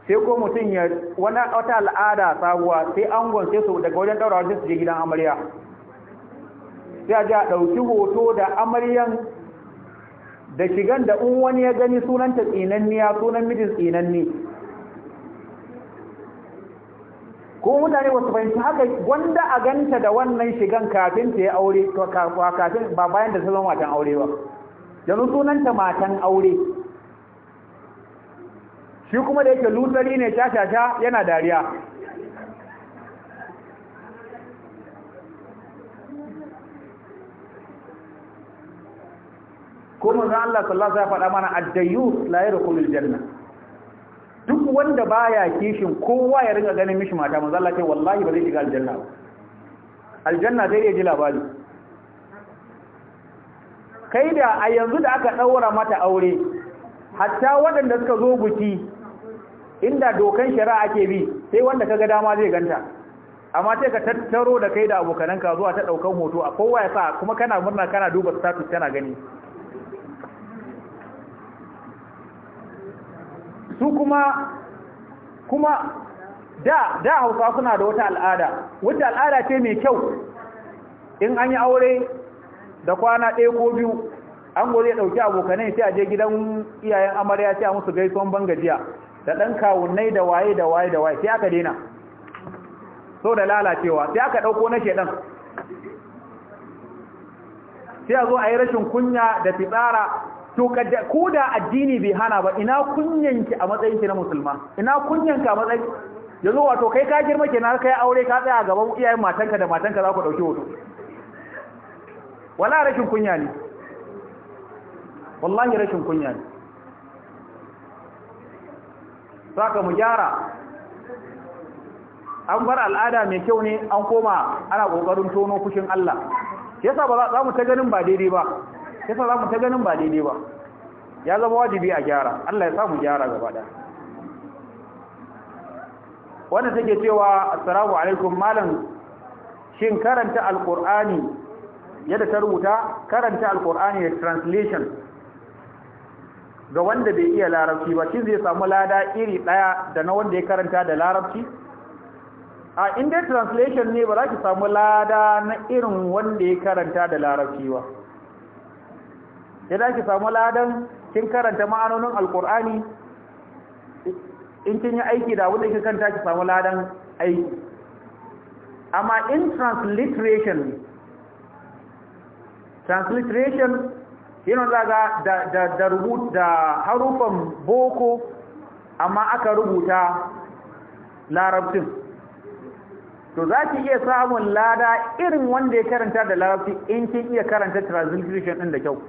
sai ko mutum ya wani wata al'ada sabuwa sai an gwance su daga wajen daura wajen su je gidan amarya sai a ji a ɗauki hoto da amaryan da shigan da in wani ya gani sunanta tsinanniya sunan mijin tsinanni ko mutane wasu fahimci haka wanda a ganta da wannan shigan kafin ta yi aure kafin ba bayan da zama matan aure ba yanzu sunanta matan aure shi kuma da yake lutsari ne shashasha yana dariya kuma zan Allah sallallahu alaihi wa faɗa mana ad-dayyus la yadkhulul janna duk wanda baya kishin kowa ya ringa ganin mishi mata manzo Allah ce wallahi ba zai shiga aljanna ba aljanna zai ji labari kai da a yanzu da aka daura mata aure hatta waɗanda suka zo buki inda dokan shari'a ake bi sai wanda kaga dama zai ganta amma sai ka tattaro da kai da abokananka zuwa ta daukan hoto a kowa ya sa kuma kana murna kana duba status kana gani su kuma kuma da da hausa suna da wata al'ada wata al'ada ce mai kyau in an yi aure da kwana ɗaya ko biyu an gori ya ɗauki abokanai sai a je gidan iyayen amarya sai a musu gaisuwan bangajiya da ɗan kawunnai da waye da waye da waye sai aka daina so da lalacewa sai aka ɗauko na shedan sai a zo a yi rashin kunya da fitsara to ko da addini bai hana ba ina kunyanki a matsayin ki na musulma ina kunyanka a matsayin yanzu wato kai ka girma kenan kai aure ka tsaya a gaban iyayen matanka da matanka za ku dauki hoto wala rashin kunya ne wallahi rashin kunya ne saka mu gyara an bar al'ada mai kyau ne an koma ana kokarin tono fushin Allah yasa ba za mu ta ganin ba daidai ba Kisa za mu ta ganin ba daidai ba ya zama wajibi a gyara Allah ya samu gyara gaba da wanda take cewa assalamu alaikum malam shin karanta alqur'ani yadda ta rubuta karanta alkur'ani da translation ga wanda bai iya larabci ba shin zai samu lada iri daya da na wanda ya karanta da larabci a inda translation ne ba za ki samu lada na irin wanda ya karanta da larabci ba ya za ki samu ladan kin karanta ma'anonin alkur'ani in kin yi aiki da wanda kin kanta ki samu ladan aiki amma in transliteration transliteration yana daga da da da rubuta da harufan boko amma aka rubuta larabcin to za ki iya samun lada irin wanda ya karanta da larabci in kin iya karanta transliteration din da kyau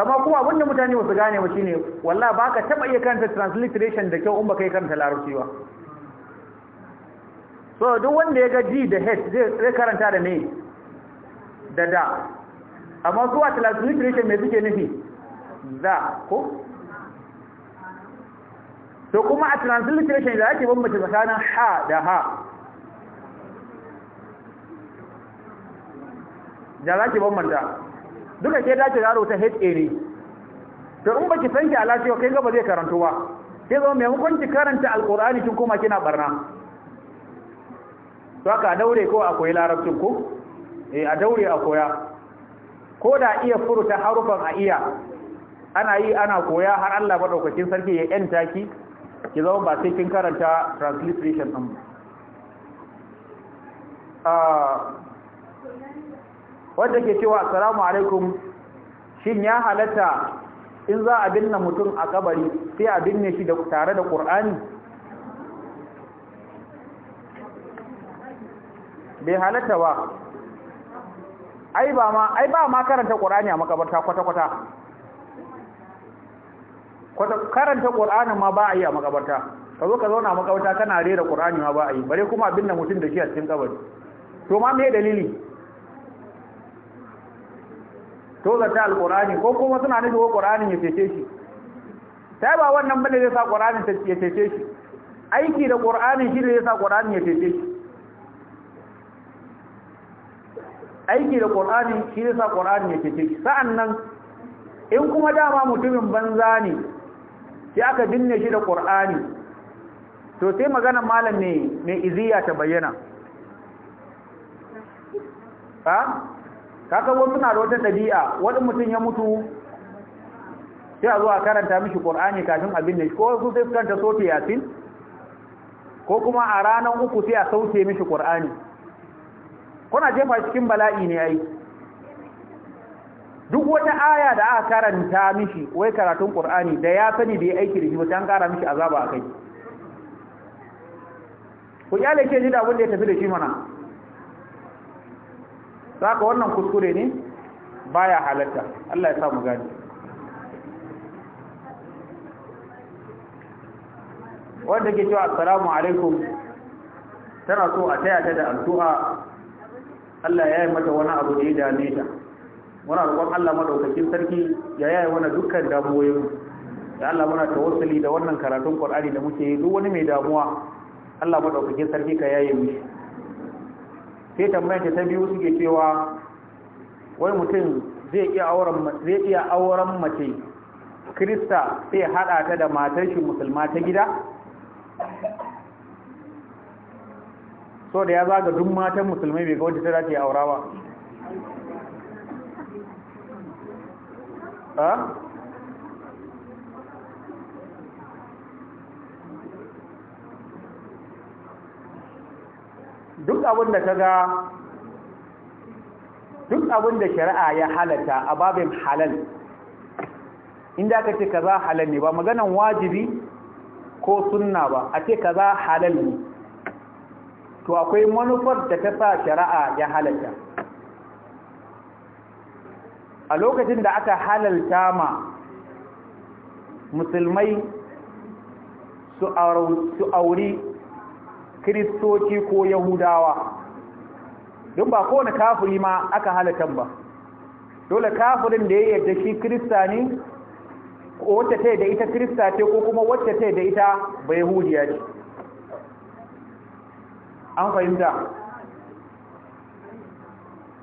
amma kuma abin mutane ba su gane ba shine wallahi baka taba iya karanta transliteration da kyau in baka yi karanta larabci ba so duk wanda ya ga g da h zai karanta da ne da da amma zuwa transliteration mai suke nufi za ko to kuma a transliteration da ake bambance tsakanin ha da ha da za ki bambanta duka ke dace yaro ta HA ne to in baki san ki a lafiya kai gaba zai karanto ba sai zama mai hukunci karanta alqur'ani kin koma kina barna to haka daure ko akwai larabcin ko eh a daure a koya ko da iya furuta harufan a iya ana yi ana koya har Allah madaukakin sarki ya yanta ki ki zama ba sai kin karanta transliteration din ah wanda ke cewa assalamu alaikum shin ya halatta in za a binne mutum a kabari sai a binne shi da tare da qur'ani bai halatta ba ai ba ma ai ba ma karanta qur'ani a makabarta kwata kwata kwata karanta qur'anin ma ba a yi a makabarta ka zo ka zauna a makabarta kana rera qur'ani ma ba a yi bare kuma binne mutum da shi a cikin kabari to ma me dalili to zata alqur'ani ko kuma suna nufi ko qur'anin ya cece shi sai ba wannan bane zai sa qur'anin ya cece shi aiki da qur'anin shi ne zai sa qur'anin ya cece shi aiki da qur'anin shi zai sa qur'anin ya cece shi sa'annan in kuma dama mutumin banza ne sai aka binne shi da qur'ani to sai magana malam ne mai iziya ta bayyana ha kaga wasu na da wata ɗabi'a wani mutum ya mutu sai a zuwa karanta mishi ƙur'ani kafin abin da ko su sai kanta soke yasin ko kuma a ranar uku sai a sauke mishi ƙur'ani kuna jefa cikin bala'i ne ai duk wata aya da aka karanta mishi wai karatun ƙur'ani da ya sani da ya aiki da shi ba an kara mishi azaba a kai ku kyale ke ji da abin da ya tafi da shi mana saka wannan kuskure ne baya halatta Allah ya samu gani wanda ke cewa assalamu alaikum tana so a taya ta da addu'a Allah ya yi mata wani abu da ya dame ta muna roƙon Allah madaukakin sarki ya yaye mana dukkan damuwoyin da Allah muna tawassuli da wannan karatun Qur'ani da muke yi duk wani mai damuwa Allah madaukakin sarki ka yaye mishi sai tambayar ta biyu suke cewa wai mutum zai iya auren mace krista sai hada ta da matar shi musulma ta gida so da ya zaga duk matan musulmai bai kawai ta ta dace aura ba duk abin da kaga duk abin da shari'a ya halata a babin halal inda aka ce kaza halal ne ba maganan wajibi ko sunna ba a ce kaza halal ne to akwai manufar da ta sa shari'a ya halata a lokacin da aka halalta ma musulmai su auri kiristoci ko yahudawa don ba kowane kafiri ma aka halatan ba dole kafirin da ya yarda shi kirista ne wacce ta da ita kirista ce ko kuma wacce ta da ita ba yahudiya ce an fahimta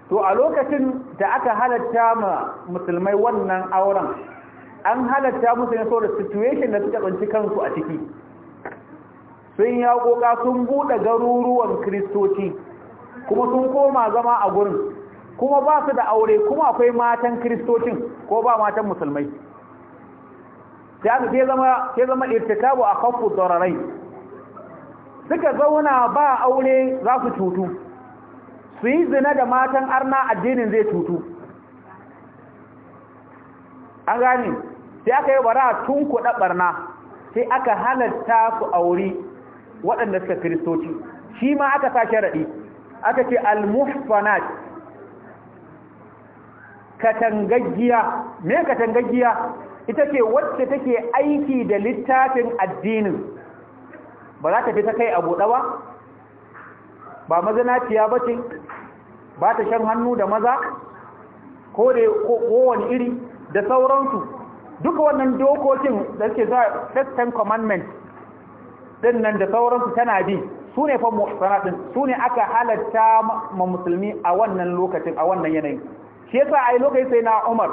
to a lokacin da aka halatta ma musulmai wannan auren an halatta musu ne saboda situation da suka tsanci kansu a ciki sun ya koka sun buɗe garuruwan kristoci kuma sun koma zama a gurin kuma ba su da aure kuma akwai matan kristocin ko ba matan musulmai sai aka ke zama ke zama irtikabu a kafu dararai suka zauna ba aure za su cutu su yi zina da matan arna addinin zai cutu an gani sai aka yi bara tun kuɗa barna sai aka halatta su aure waɗanda suka kiristoci shi ma aka sa sharaɗi aka ce al muhfanat katangaggiya me katangaggiya ita ce wacce take aiki da littafin addinin ba za ta fi ta kai abu ɗawa ba mazanaciya ba ce ba ta shan hannu da maza ko da kowane iri da sauransu duka wannan dokokin da suke za 10 commandment din nan da sauransu tana bi su ne fa muhsanatin su ne aka halatta ma musulmi a wannan lokacin a wannan yanayin shi yasa ai lokacin sai na Umar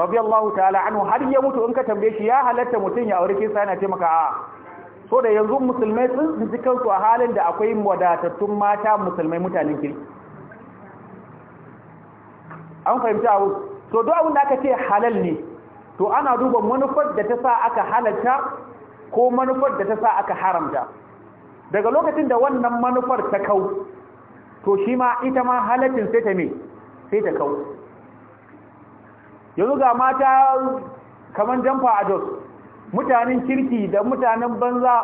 radiyallahu ta'ala anhu har ya mutu in ka tambaye shi ya halatta mutun ya aure kisa yana ce maka a so da yanzu musulmai sun ji kansu a halin da akwai wadatattun mata musulmai mutanen kiri an fahimci abu to duk abin da aka ce halal ne to ana duba manufar da ta sa aka halatta. ko manufar da ta sa aka haramta daga lokacin da wannan manufar ta kau to shi ma ita ma halaccin sai ta me sai ta kau yanzu ga mata kamar jamfa a jos mutanen kirki da mutanen banza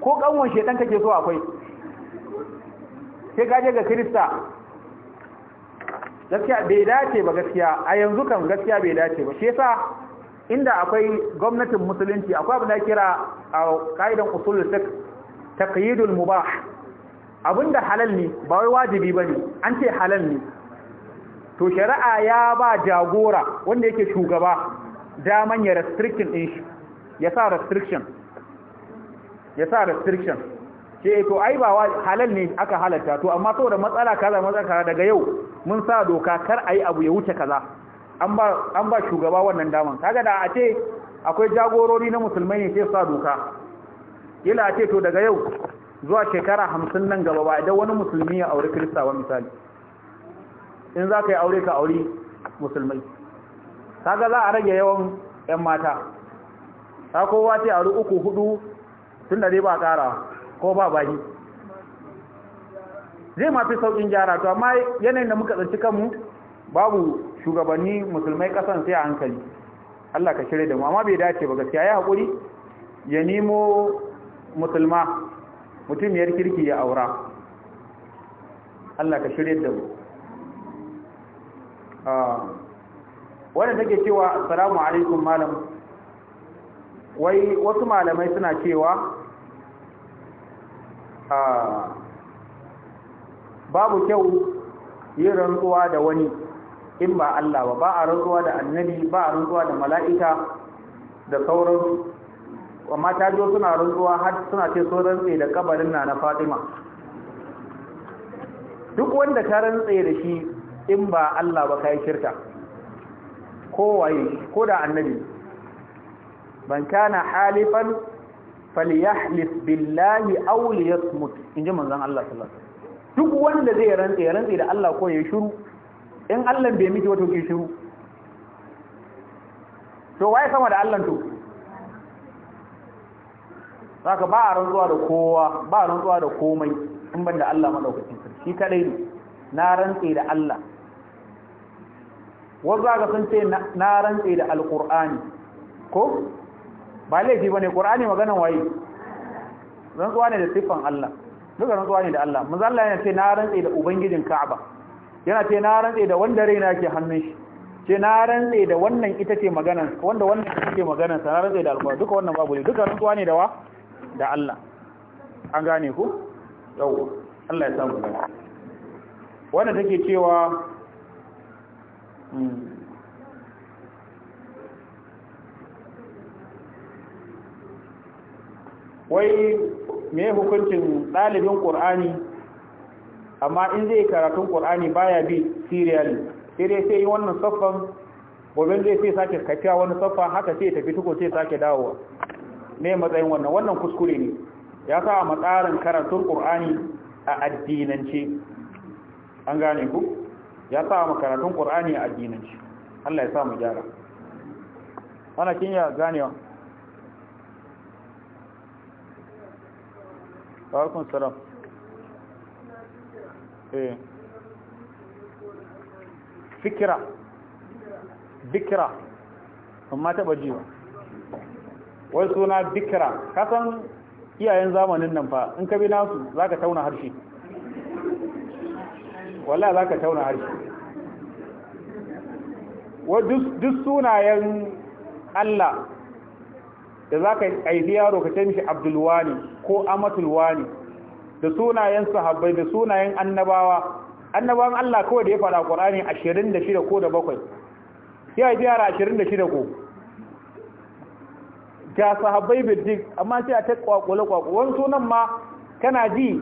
ko kanwon shedan kake so akwai sai gaje ga krista gaskiya bai dace ba gaskiya a yanzu kan gaskiya bai dace ba shi yasa inda akwai gwamnatin musulunci akwai abin da kira a ka'idan usulul fiqh taqyidul mubah abinda halal ne ba wai wajibi bane an ce halal ne to shari'a ya ba jagora wanda yake shugaba daman ya restriction din shi ya sa restriction ya sa restriction ce to ai ba halal ne aka halalta to amma saboda matsala kaza matsala daga yau mun sa doka kar a yi abu ya wuce kaza an ba shugaba wannan daman kaga da a ce akwai jagorori na musulmai ne sai sa doka ila a ce to daga yau zuwa shekara hamsin nan gaba ba idan wani musulmi ya aure kirista wa misali in za ka yi aure ka aure musulmai kaga za a rage yawan 'yan mata ta kowa ce aure uku hudu tun da ba kara ko ba bahi zai mafi saukin gyara to amma yanayin da muka tsanci kanmu babu shugabanni musulmai kasan sai a hankali Allah ka shirya da mu amma bai dace ba gaskiya ya haƙuri ya nemo musulma mutumiyar kirki ya aura Allah ka shirye da mu ah, wanda take cewa assalamu alaikum malam wai wasu malamai suna cewa ah, babu kyau yin rantsuwa da wani in ba Allah ba ba a rantsuwa da annabi ba a rantsuwa da mala'ika da sauran amma ta jo suna rantsuwa har suna ce sun rantse da kabarin na na Fatima duk wanda ka rantse da shi in ba Allah ba kai shirka kowaye ko da annabi ban kana halifan falyahlif billahi aw liyasmut inji manzon Allah sallallahu alaihi wasallam duk wanda zai rantse ya da Allah ko ya shiru in allan bai miki wato ke shiru to waye sama da Allah to ka ba a rantsuwa da kowa ba a rantsuwa da komai in ban da Allah maɗaukacin sarki shi kadai ne na rantse da Allah wasu zaka sun ce na rantse da alƙur'ani ko ba laifi ne Ƙur'ani maganan waye rantsuwa ne da siffan Allah duka rantsuwa ne da Allah mazalla ya ce na rantse da ubangijin Ka'aba yana ce na rantse da wanda raina ke hannun shi ce na rantse da wannan ita ce maganar wanda wannan ita maganar sa na rantse da alƙawari duka wannan babu ne duka rantsuwa ne da wa da Allah an gane ku yau Allah ya samu gani wanda take cewa hmm. wai me hukuncin ɗalibin ƙur'ani amma in zai karatun qur'ani baya bi siriyali sai dai sai wannan saffan gobe zai sai sake kafiya wani saffa haka sai tafi tukun sai sake dawowa ne matsayin wannan wannan kuskure ne ya sa a matsarin karatun qur'ani a addinance an gane ku ya sa a karatun qur'ani a addinance Allah ya sa mu gyara kin ya ganewa wa alaikum salam Eh. fikira bikira amma taba jiwa wai suna bikira kasan iyayen zamanin nan fa in ka bi nasu za ka tauna harshe walla za ka tauna harshe duk sunayen Allah da za ka aifi yaro ka ce mishi abdulwani ko amatulwani da sunayen sahabbai da sunayen annabawa annabawan Allah kawai da ya fara Qur'ani 26 ko da 7 sai a yara 26 ko ga sahabbai biddik amma sai a ta kwakwale kwakwale wani sunan ma kana ji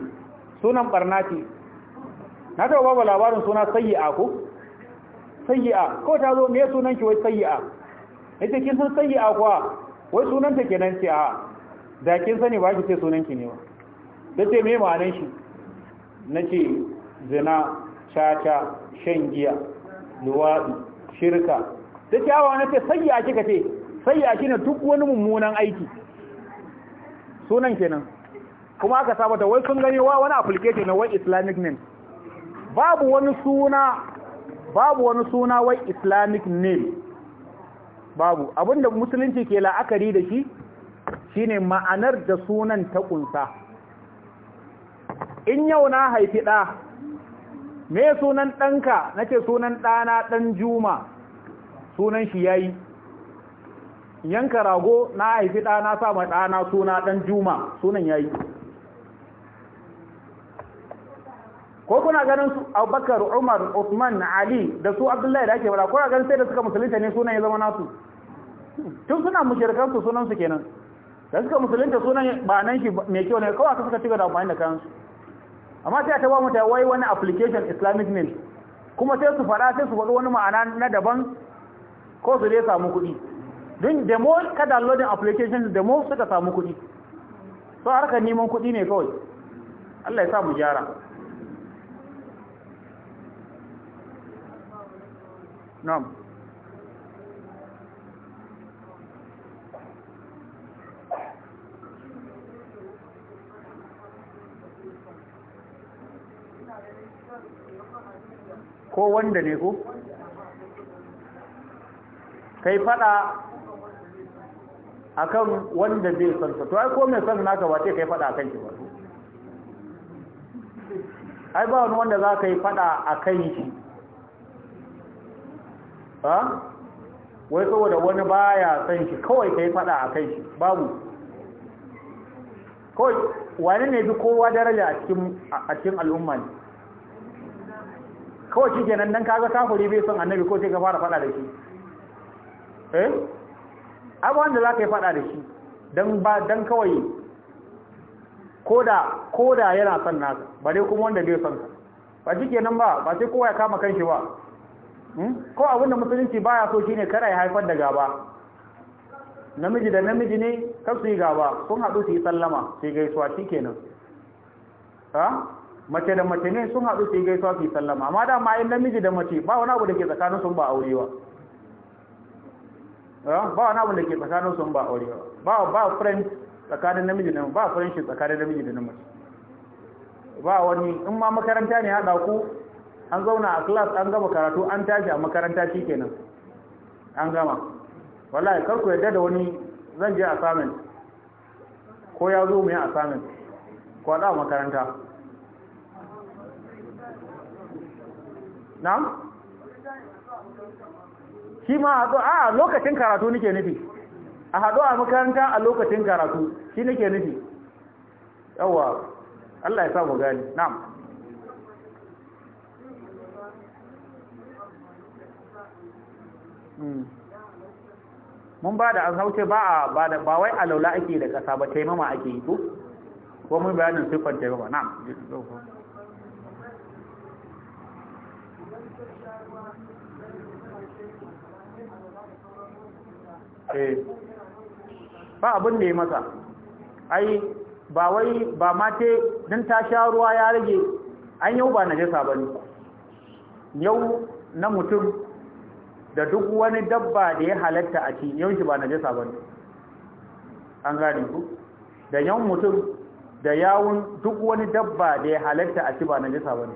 sunan barnati na ta babu labarin suna sayyi'a ko sayyi'a ko ta zo me sunan ki wai sayyi'a ita kin san sayyi'a kuwa wai sunan ta kenan ce a da kin sani ba ki ce sunan ki ne ba ta ce me ma'anin shi na ce zina caca shan giya luwaɗi shirka ta ce awa na ce sayya kika ce sayya shi ne duk wani mummunan aiki sunan kenan kuma aka saba da wai sun gani wa wani application na wai islamic name babu wani suna babu wani suna wai islamic name babu abinda musulunci ke la'akari da shi shine ma'anar da sunan ta kunsa in yau na haifi ɗa me sunan ɗanka na ce sunan ɗana ɗan juma sunan shi ya yi yanka rago na haifi ɗana sama ɗana suna ɗan juma sunan ya yi. ko kuna ganin su abubakar umar usman ali da su abdullahi da ake bada kuna ganin sai da suka musulunta ne sunan ya zama nasu tun suna mushirkansu su sunan su kenan da suka musulunta sunan ba nan shi mai kyau ne kawai suka ci gada amfani da kansu amma sai ta ba mu wai wani application islamic ne kuma sai su fara sai su faɗi wani ma'ana na daban ko su dai samu kuɗi don da mo ka downloading application da mo suka samu kuɗi so harkar neman kuɗi ne kawai Allah ya sa mu gyara na'am ko wanda ne ko kai fada akan wanda zai san to ai ko mai san naka ba sai kai fada akan shi ba ai ba wani wanda za ka yi fada akan shi ha wai saboda wani baya san shi kawai kai fada akan shi babu kawai wani ne bi kowa daraja a cikin al'umma ne kawai shi kenan don kaga kafuri bai son annabi ko sai ka fara fada da shi eh abu wanda za ka yi fada da shi Don ba don kawai koda koda yana son naka ba dai kuma wanda bai son ka ba shi kenan ba ba sai kowa ya kama kanshi ba hmm? ko abinda musulunci baya so shi ne kada ya haifar da gaba namiji da namiji ne kar su yi gaba sun haɗu su yi sallama sai gaisuwa shi kenan mace da mace ne sun haɗu su yi gaisuwa su yi sallama amma da ma namiji da mace ba wani abu da ke tsakanin sun ba aure ba eh, ba wani abu da ke tsakanin sun ba aure ba ba friend tsakanin namiji da ba friendship tsakanin namiji da namiji ba wani in ma makaranta ne haɗa ku an zauna a class an gama karatu an tashi a makaranta kenan an gama wallahi kar ku yadda da wani zan je assignment ko ya zo mu yi assignment ko a makaranta na'am shi ma hadu a lokacin karatu nake nufi a hadu a makaranta a lokacin karatu shi nake nufi yawa Allah ya samu gani na'am hmm. mun ba da an hauce ba a ba da ba wai alaula ake da ƙasa ba taimama ake yi ko ko mun bayanin siffar taimama na'am Eh. ba abin da ya masa ai ba wai ba mate din ta sha ruwa ya rage an yau ba najasa bane yau na mutum da duk wani dabba da ya halatta a ci yau shi ba najasa bane an gane ku da yau mutum da yawun duk wani dabba da ya halatta a ci ba najasa bane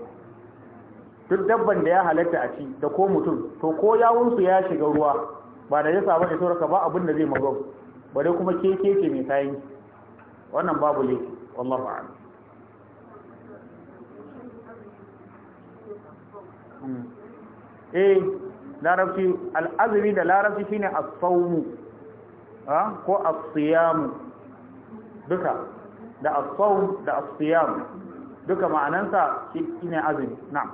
duk dabban da ya halatta a ci da ko mutum to ko yawun su ya shiga ruwa ba da yasa ba da sauraka ba abin da zai mazo dai kuma ke ce mai kayan wannan babu ne wallahu a'lam hmm. eh larabci al'azumi da larabci shine as-sawmu ko as-siyam duka da as-sawm da as-siyam duka ma'anansa shine azumi na'am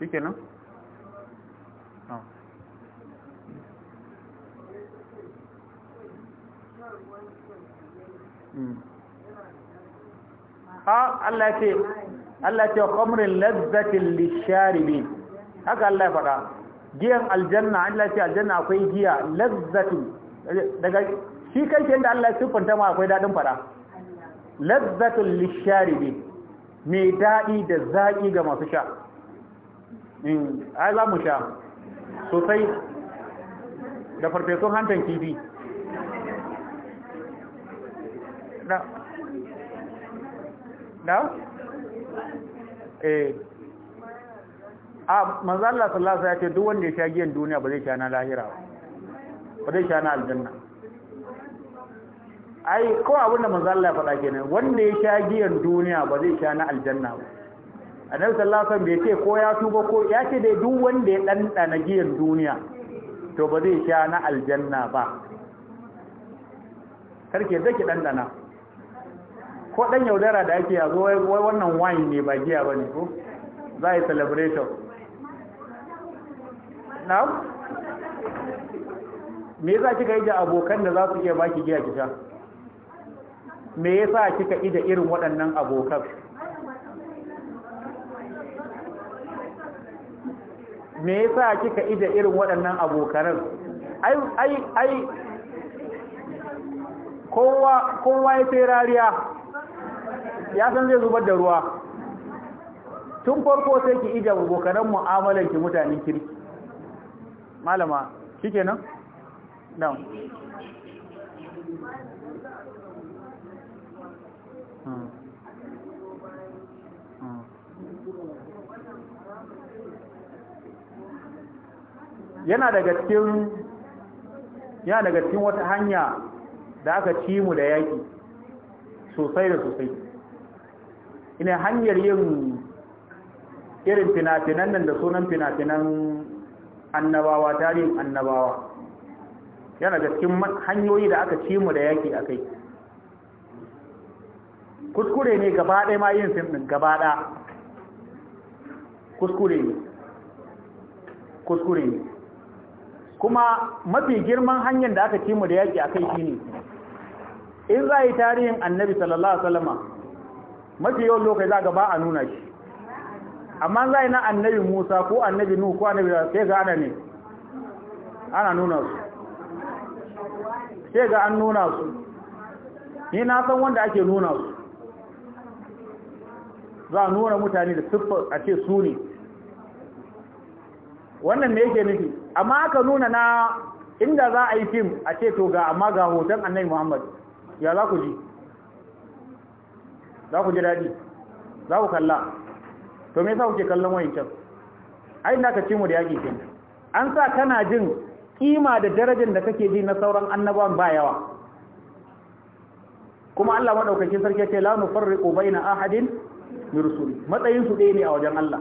shikenan na'am Hmm. ha Allah ce Allah ce khamrin lazzatin lisharibin haka Allah ya faɗa giyan aljanna Allah ce aljanna akwai giya lazzatu daga shi kanshi yadda Allah ya siffanta ma akwai daɗin faɗa lazzatul lisharibin mai daɗi da zaki ga masu sha hmm, ai za mu sha sosai da farfesun hantan kifi na na eh a manzo sallallahu alaihi wasallam duk wanda ya sha giyan duniya ba zai sha na lahira ba zai sha na aljanna ai ko abin da manzo ya faɗa kenan wanda ya sha giyan duniya ba zai sha na aljanna ba annabi sallallahu alaihi wasallam bai ce ko ya tuba ko ya ce dai duk wanda ya dandana giyan duniya to ba zai sha na aljanna ba karke zaki dandana ko dan yaudara da ake yazo wai wannan wine ne ba giya bane ko za yi celebration now me yasa kika yi da abokan da za su iya baki giya kisha me yasa kika yi da irin waɗannan abokan me yasa kika yi da irin waɗannan abokanan ai ai ai kowa kowa ya sai rariya ya san zai zubar da ruwa tun farko sai ki ija abokanan mu'amalan ki mutanen kirki malama shikenan nan. Hmm. Hmm. yana daga cikin yana daga cikin wata hanya da aka ci mu da yaki sosai da sosai ina hanyar yin irin fina-finan nan da sunan fina-finan annabawa tarihin annabawa yana da cikin hanyoyi da aka ci mu da yaki a kai kuskure ne gaba ɗaya ma yin fim ɗin gaba ɗaya kuskure ne kuskure ne kuma mafi girman hanyar da aka ci mu da yaki a kai shi ne in za yi tarihin annabi sallallahu alaihi mafi yawan lokaci za ga ba a nuna shi amma za yi na annabi musa ko annabi nuhu ko annabi sai ga ana ne ana nuna su sai ga an nuna su ni na san wanda ake nuna su za a nuna mutane da siffar a ce su ne wannan ne yake nufi amma aka nuna na inda za a yi fim a ce to ga amma ga hoton annabi muhammad ya za ku ji za ku ji daɗi za ku kalla to me yasa kuke kallon wayancan ai da ka ce da yaƙi ke an sa kana jin kima da darajar da kake ji na sauran annabawan ba yawa kuma Allah maɗaukacin sarki ce la nufarriqu baina ahadin min rusuli matsayin su ɗaya ne a wajen Allah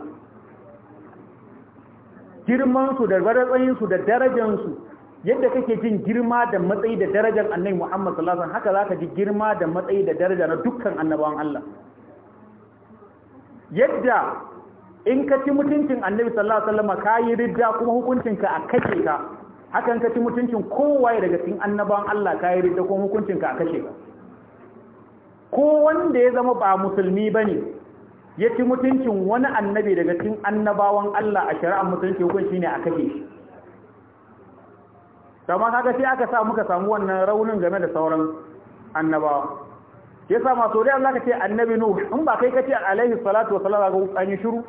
girman su da baratsayin su da darajar su yadda kake jin girma da matsayi da darajar annai Muhammad sallallahu alaihi haka zaka ji girma da matsayi da daraja na dukkan annabawan Allah yadda in ka ci mutuncin annabi sallallahu alaihi wasallam yi ridda kuma hukuncinka a kace ka haka in ka ci mutuncin kowaye daga cikin annabawan Allah kayi ridda kuma hukuncinka a kace ka ko wanda ya zama ba musulmi bane ya ci mutuncin wani annabi daga cikin annabawan Allah a shari'ar musulunci hukunci ne a kace shi kama kaga sai aka sa muka samu wannan raunin game da sauran annabawa yasa masu da Allah ka ce annabi nuhu in ba kai kace alaihi salatu wa salam ga an yi shiru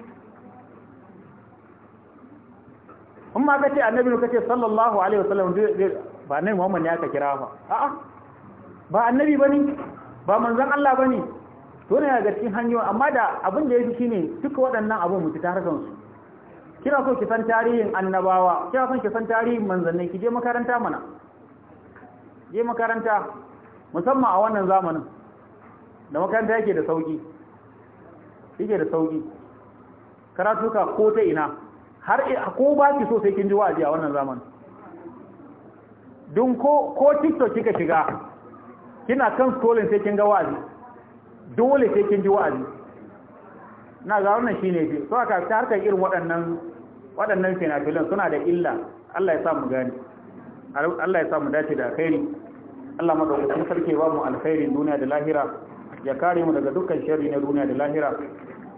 in ma kace annabi nuh kace sallallahu alaihi wasallam ba annabi Muhammad ne aka kira ba a'a ba annabi bane ba manzon Allah bane to ne ga cikin hanyoyi amma da abin da yake shine duka waɗannan abun mutu ta harkan su kina so ki san tarihin annabawa kina son ki san tarihin manzanni ki je makaranta mana je makaranta musamman a wannan zamanin da makaranta yake da sauki yake da sauki karatu ka ko ta ina har ko ba ki so sai kin ji wa'azi a wannan zamanin dun ko ko TikTok kika shiga kina kan scrolling sai kin ga wa'azi dole sai kin ji wa'azi na ga wannan shine fi so aka ta harkar irin waɗannan waɗannan fina-filan suna da illa Allah ya sa mu gani Allah ya sa mu dace da alkhairi Allah madaukakin sarki ba mu alkhairin duniya da lahira ya kare mu daga dukkan sharri na duniya da lahira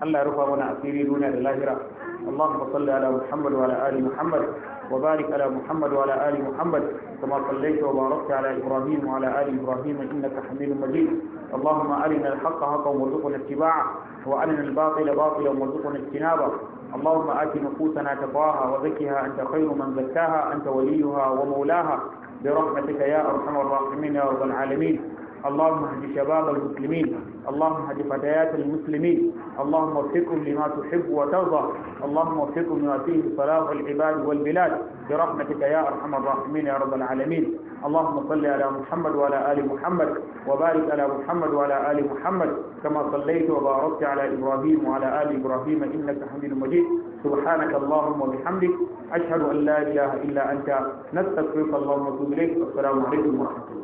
Allah ya rufa mana asiri duniya da lahira Allahumma salli ala Muhammad wa ala ali Muhammad wa barik ala Muhammad wa ala ali Muhammad kama sallaita wa barakta ala Ibrahim wa ala ali Ibrahim innaka Hamidum Majid Allahumma arina al-haqqa haqqan warzuqna ittiba'ahu wa arina al-batila batilan warzuqna ijtinabahu اللهم آت نفوسنا تقواها وزكها أنت خير من زكاها أنت وليها ومولاها برحمتك يا أرحم الراحمين يا رب العالمين اللهم اهد شباب المسلمين اللهم اهد فتيات المسلمين اللهم وفقهم لما تحب وترضى اللهم وفقهم لما فيه صلاح العباد والبلاد برحمتك يا أرحم الراحمين يا رب العالمين اللهم صل على محمد وعلى آل محمد وبارك على محمد وعلى آل محمد كما صليت وباركت على إبراهيم وعلى آل إبراهيم إنك حميد مجيد سبحانك اللهم وبحمدك أشهد أن لا إله إلا أنت نستغفرك اللهم وتوب إليك والسلام عليكم ورحمة الله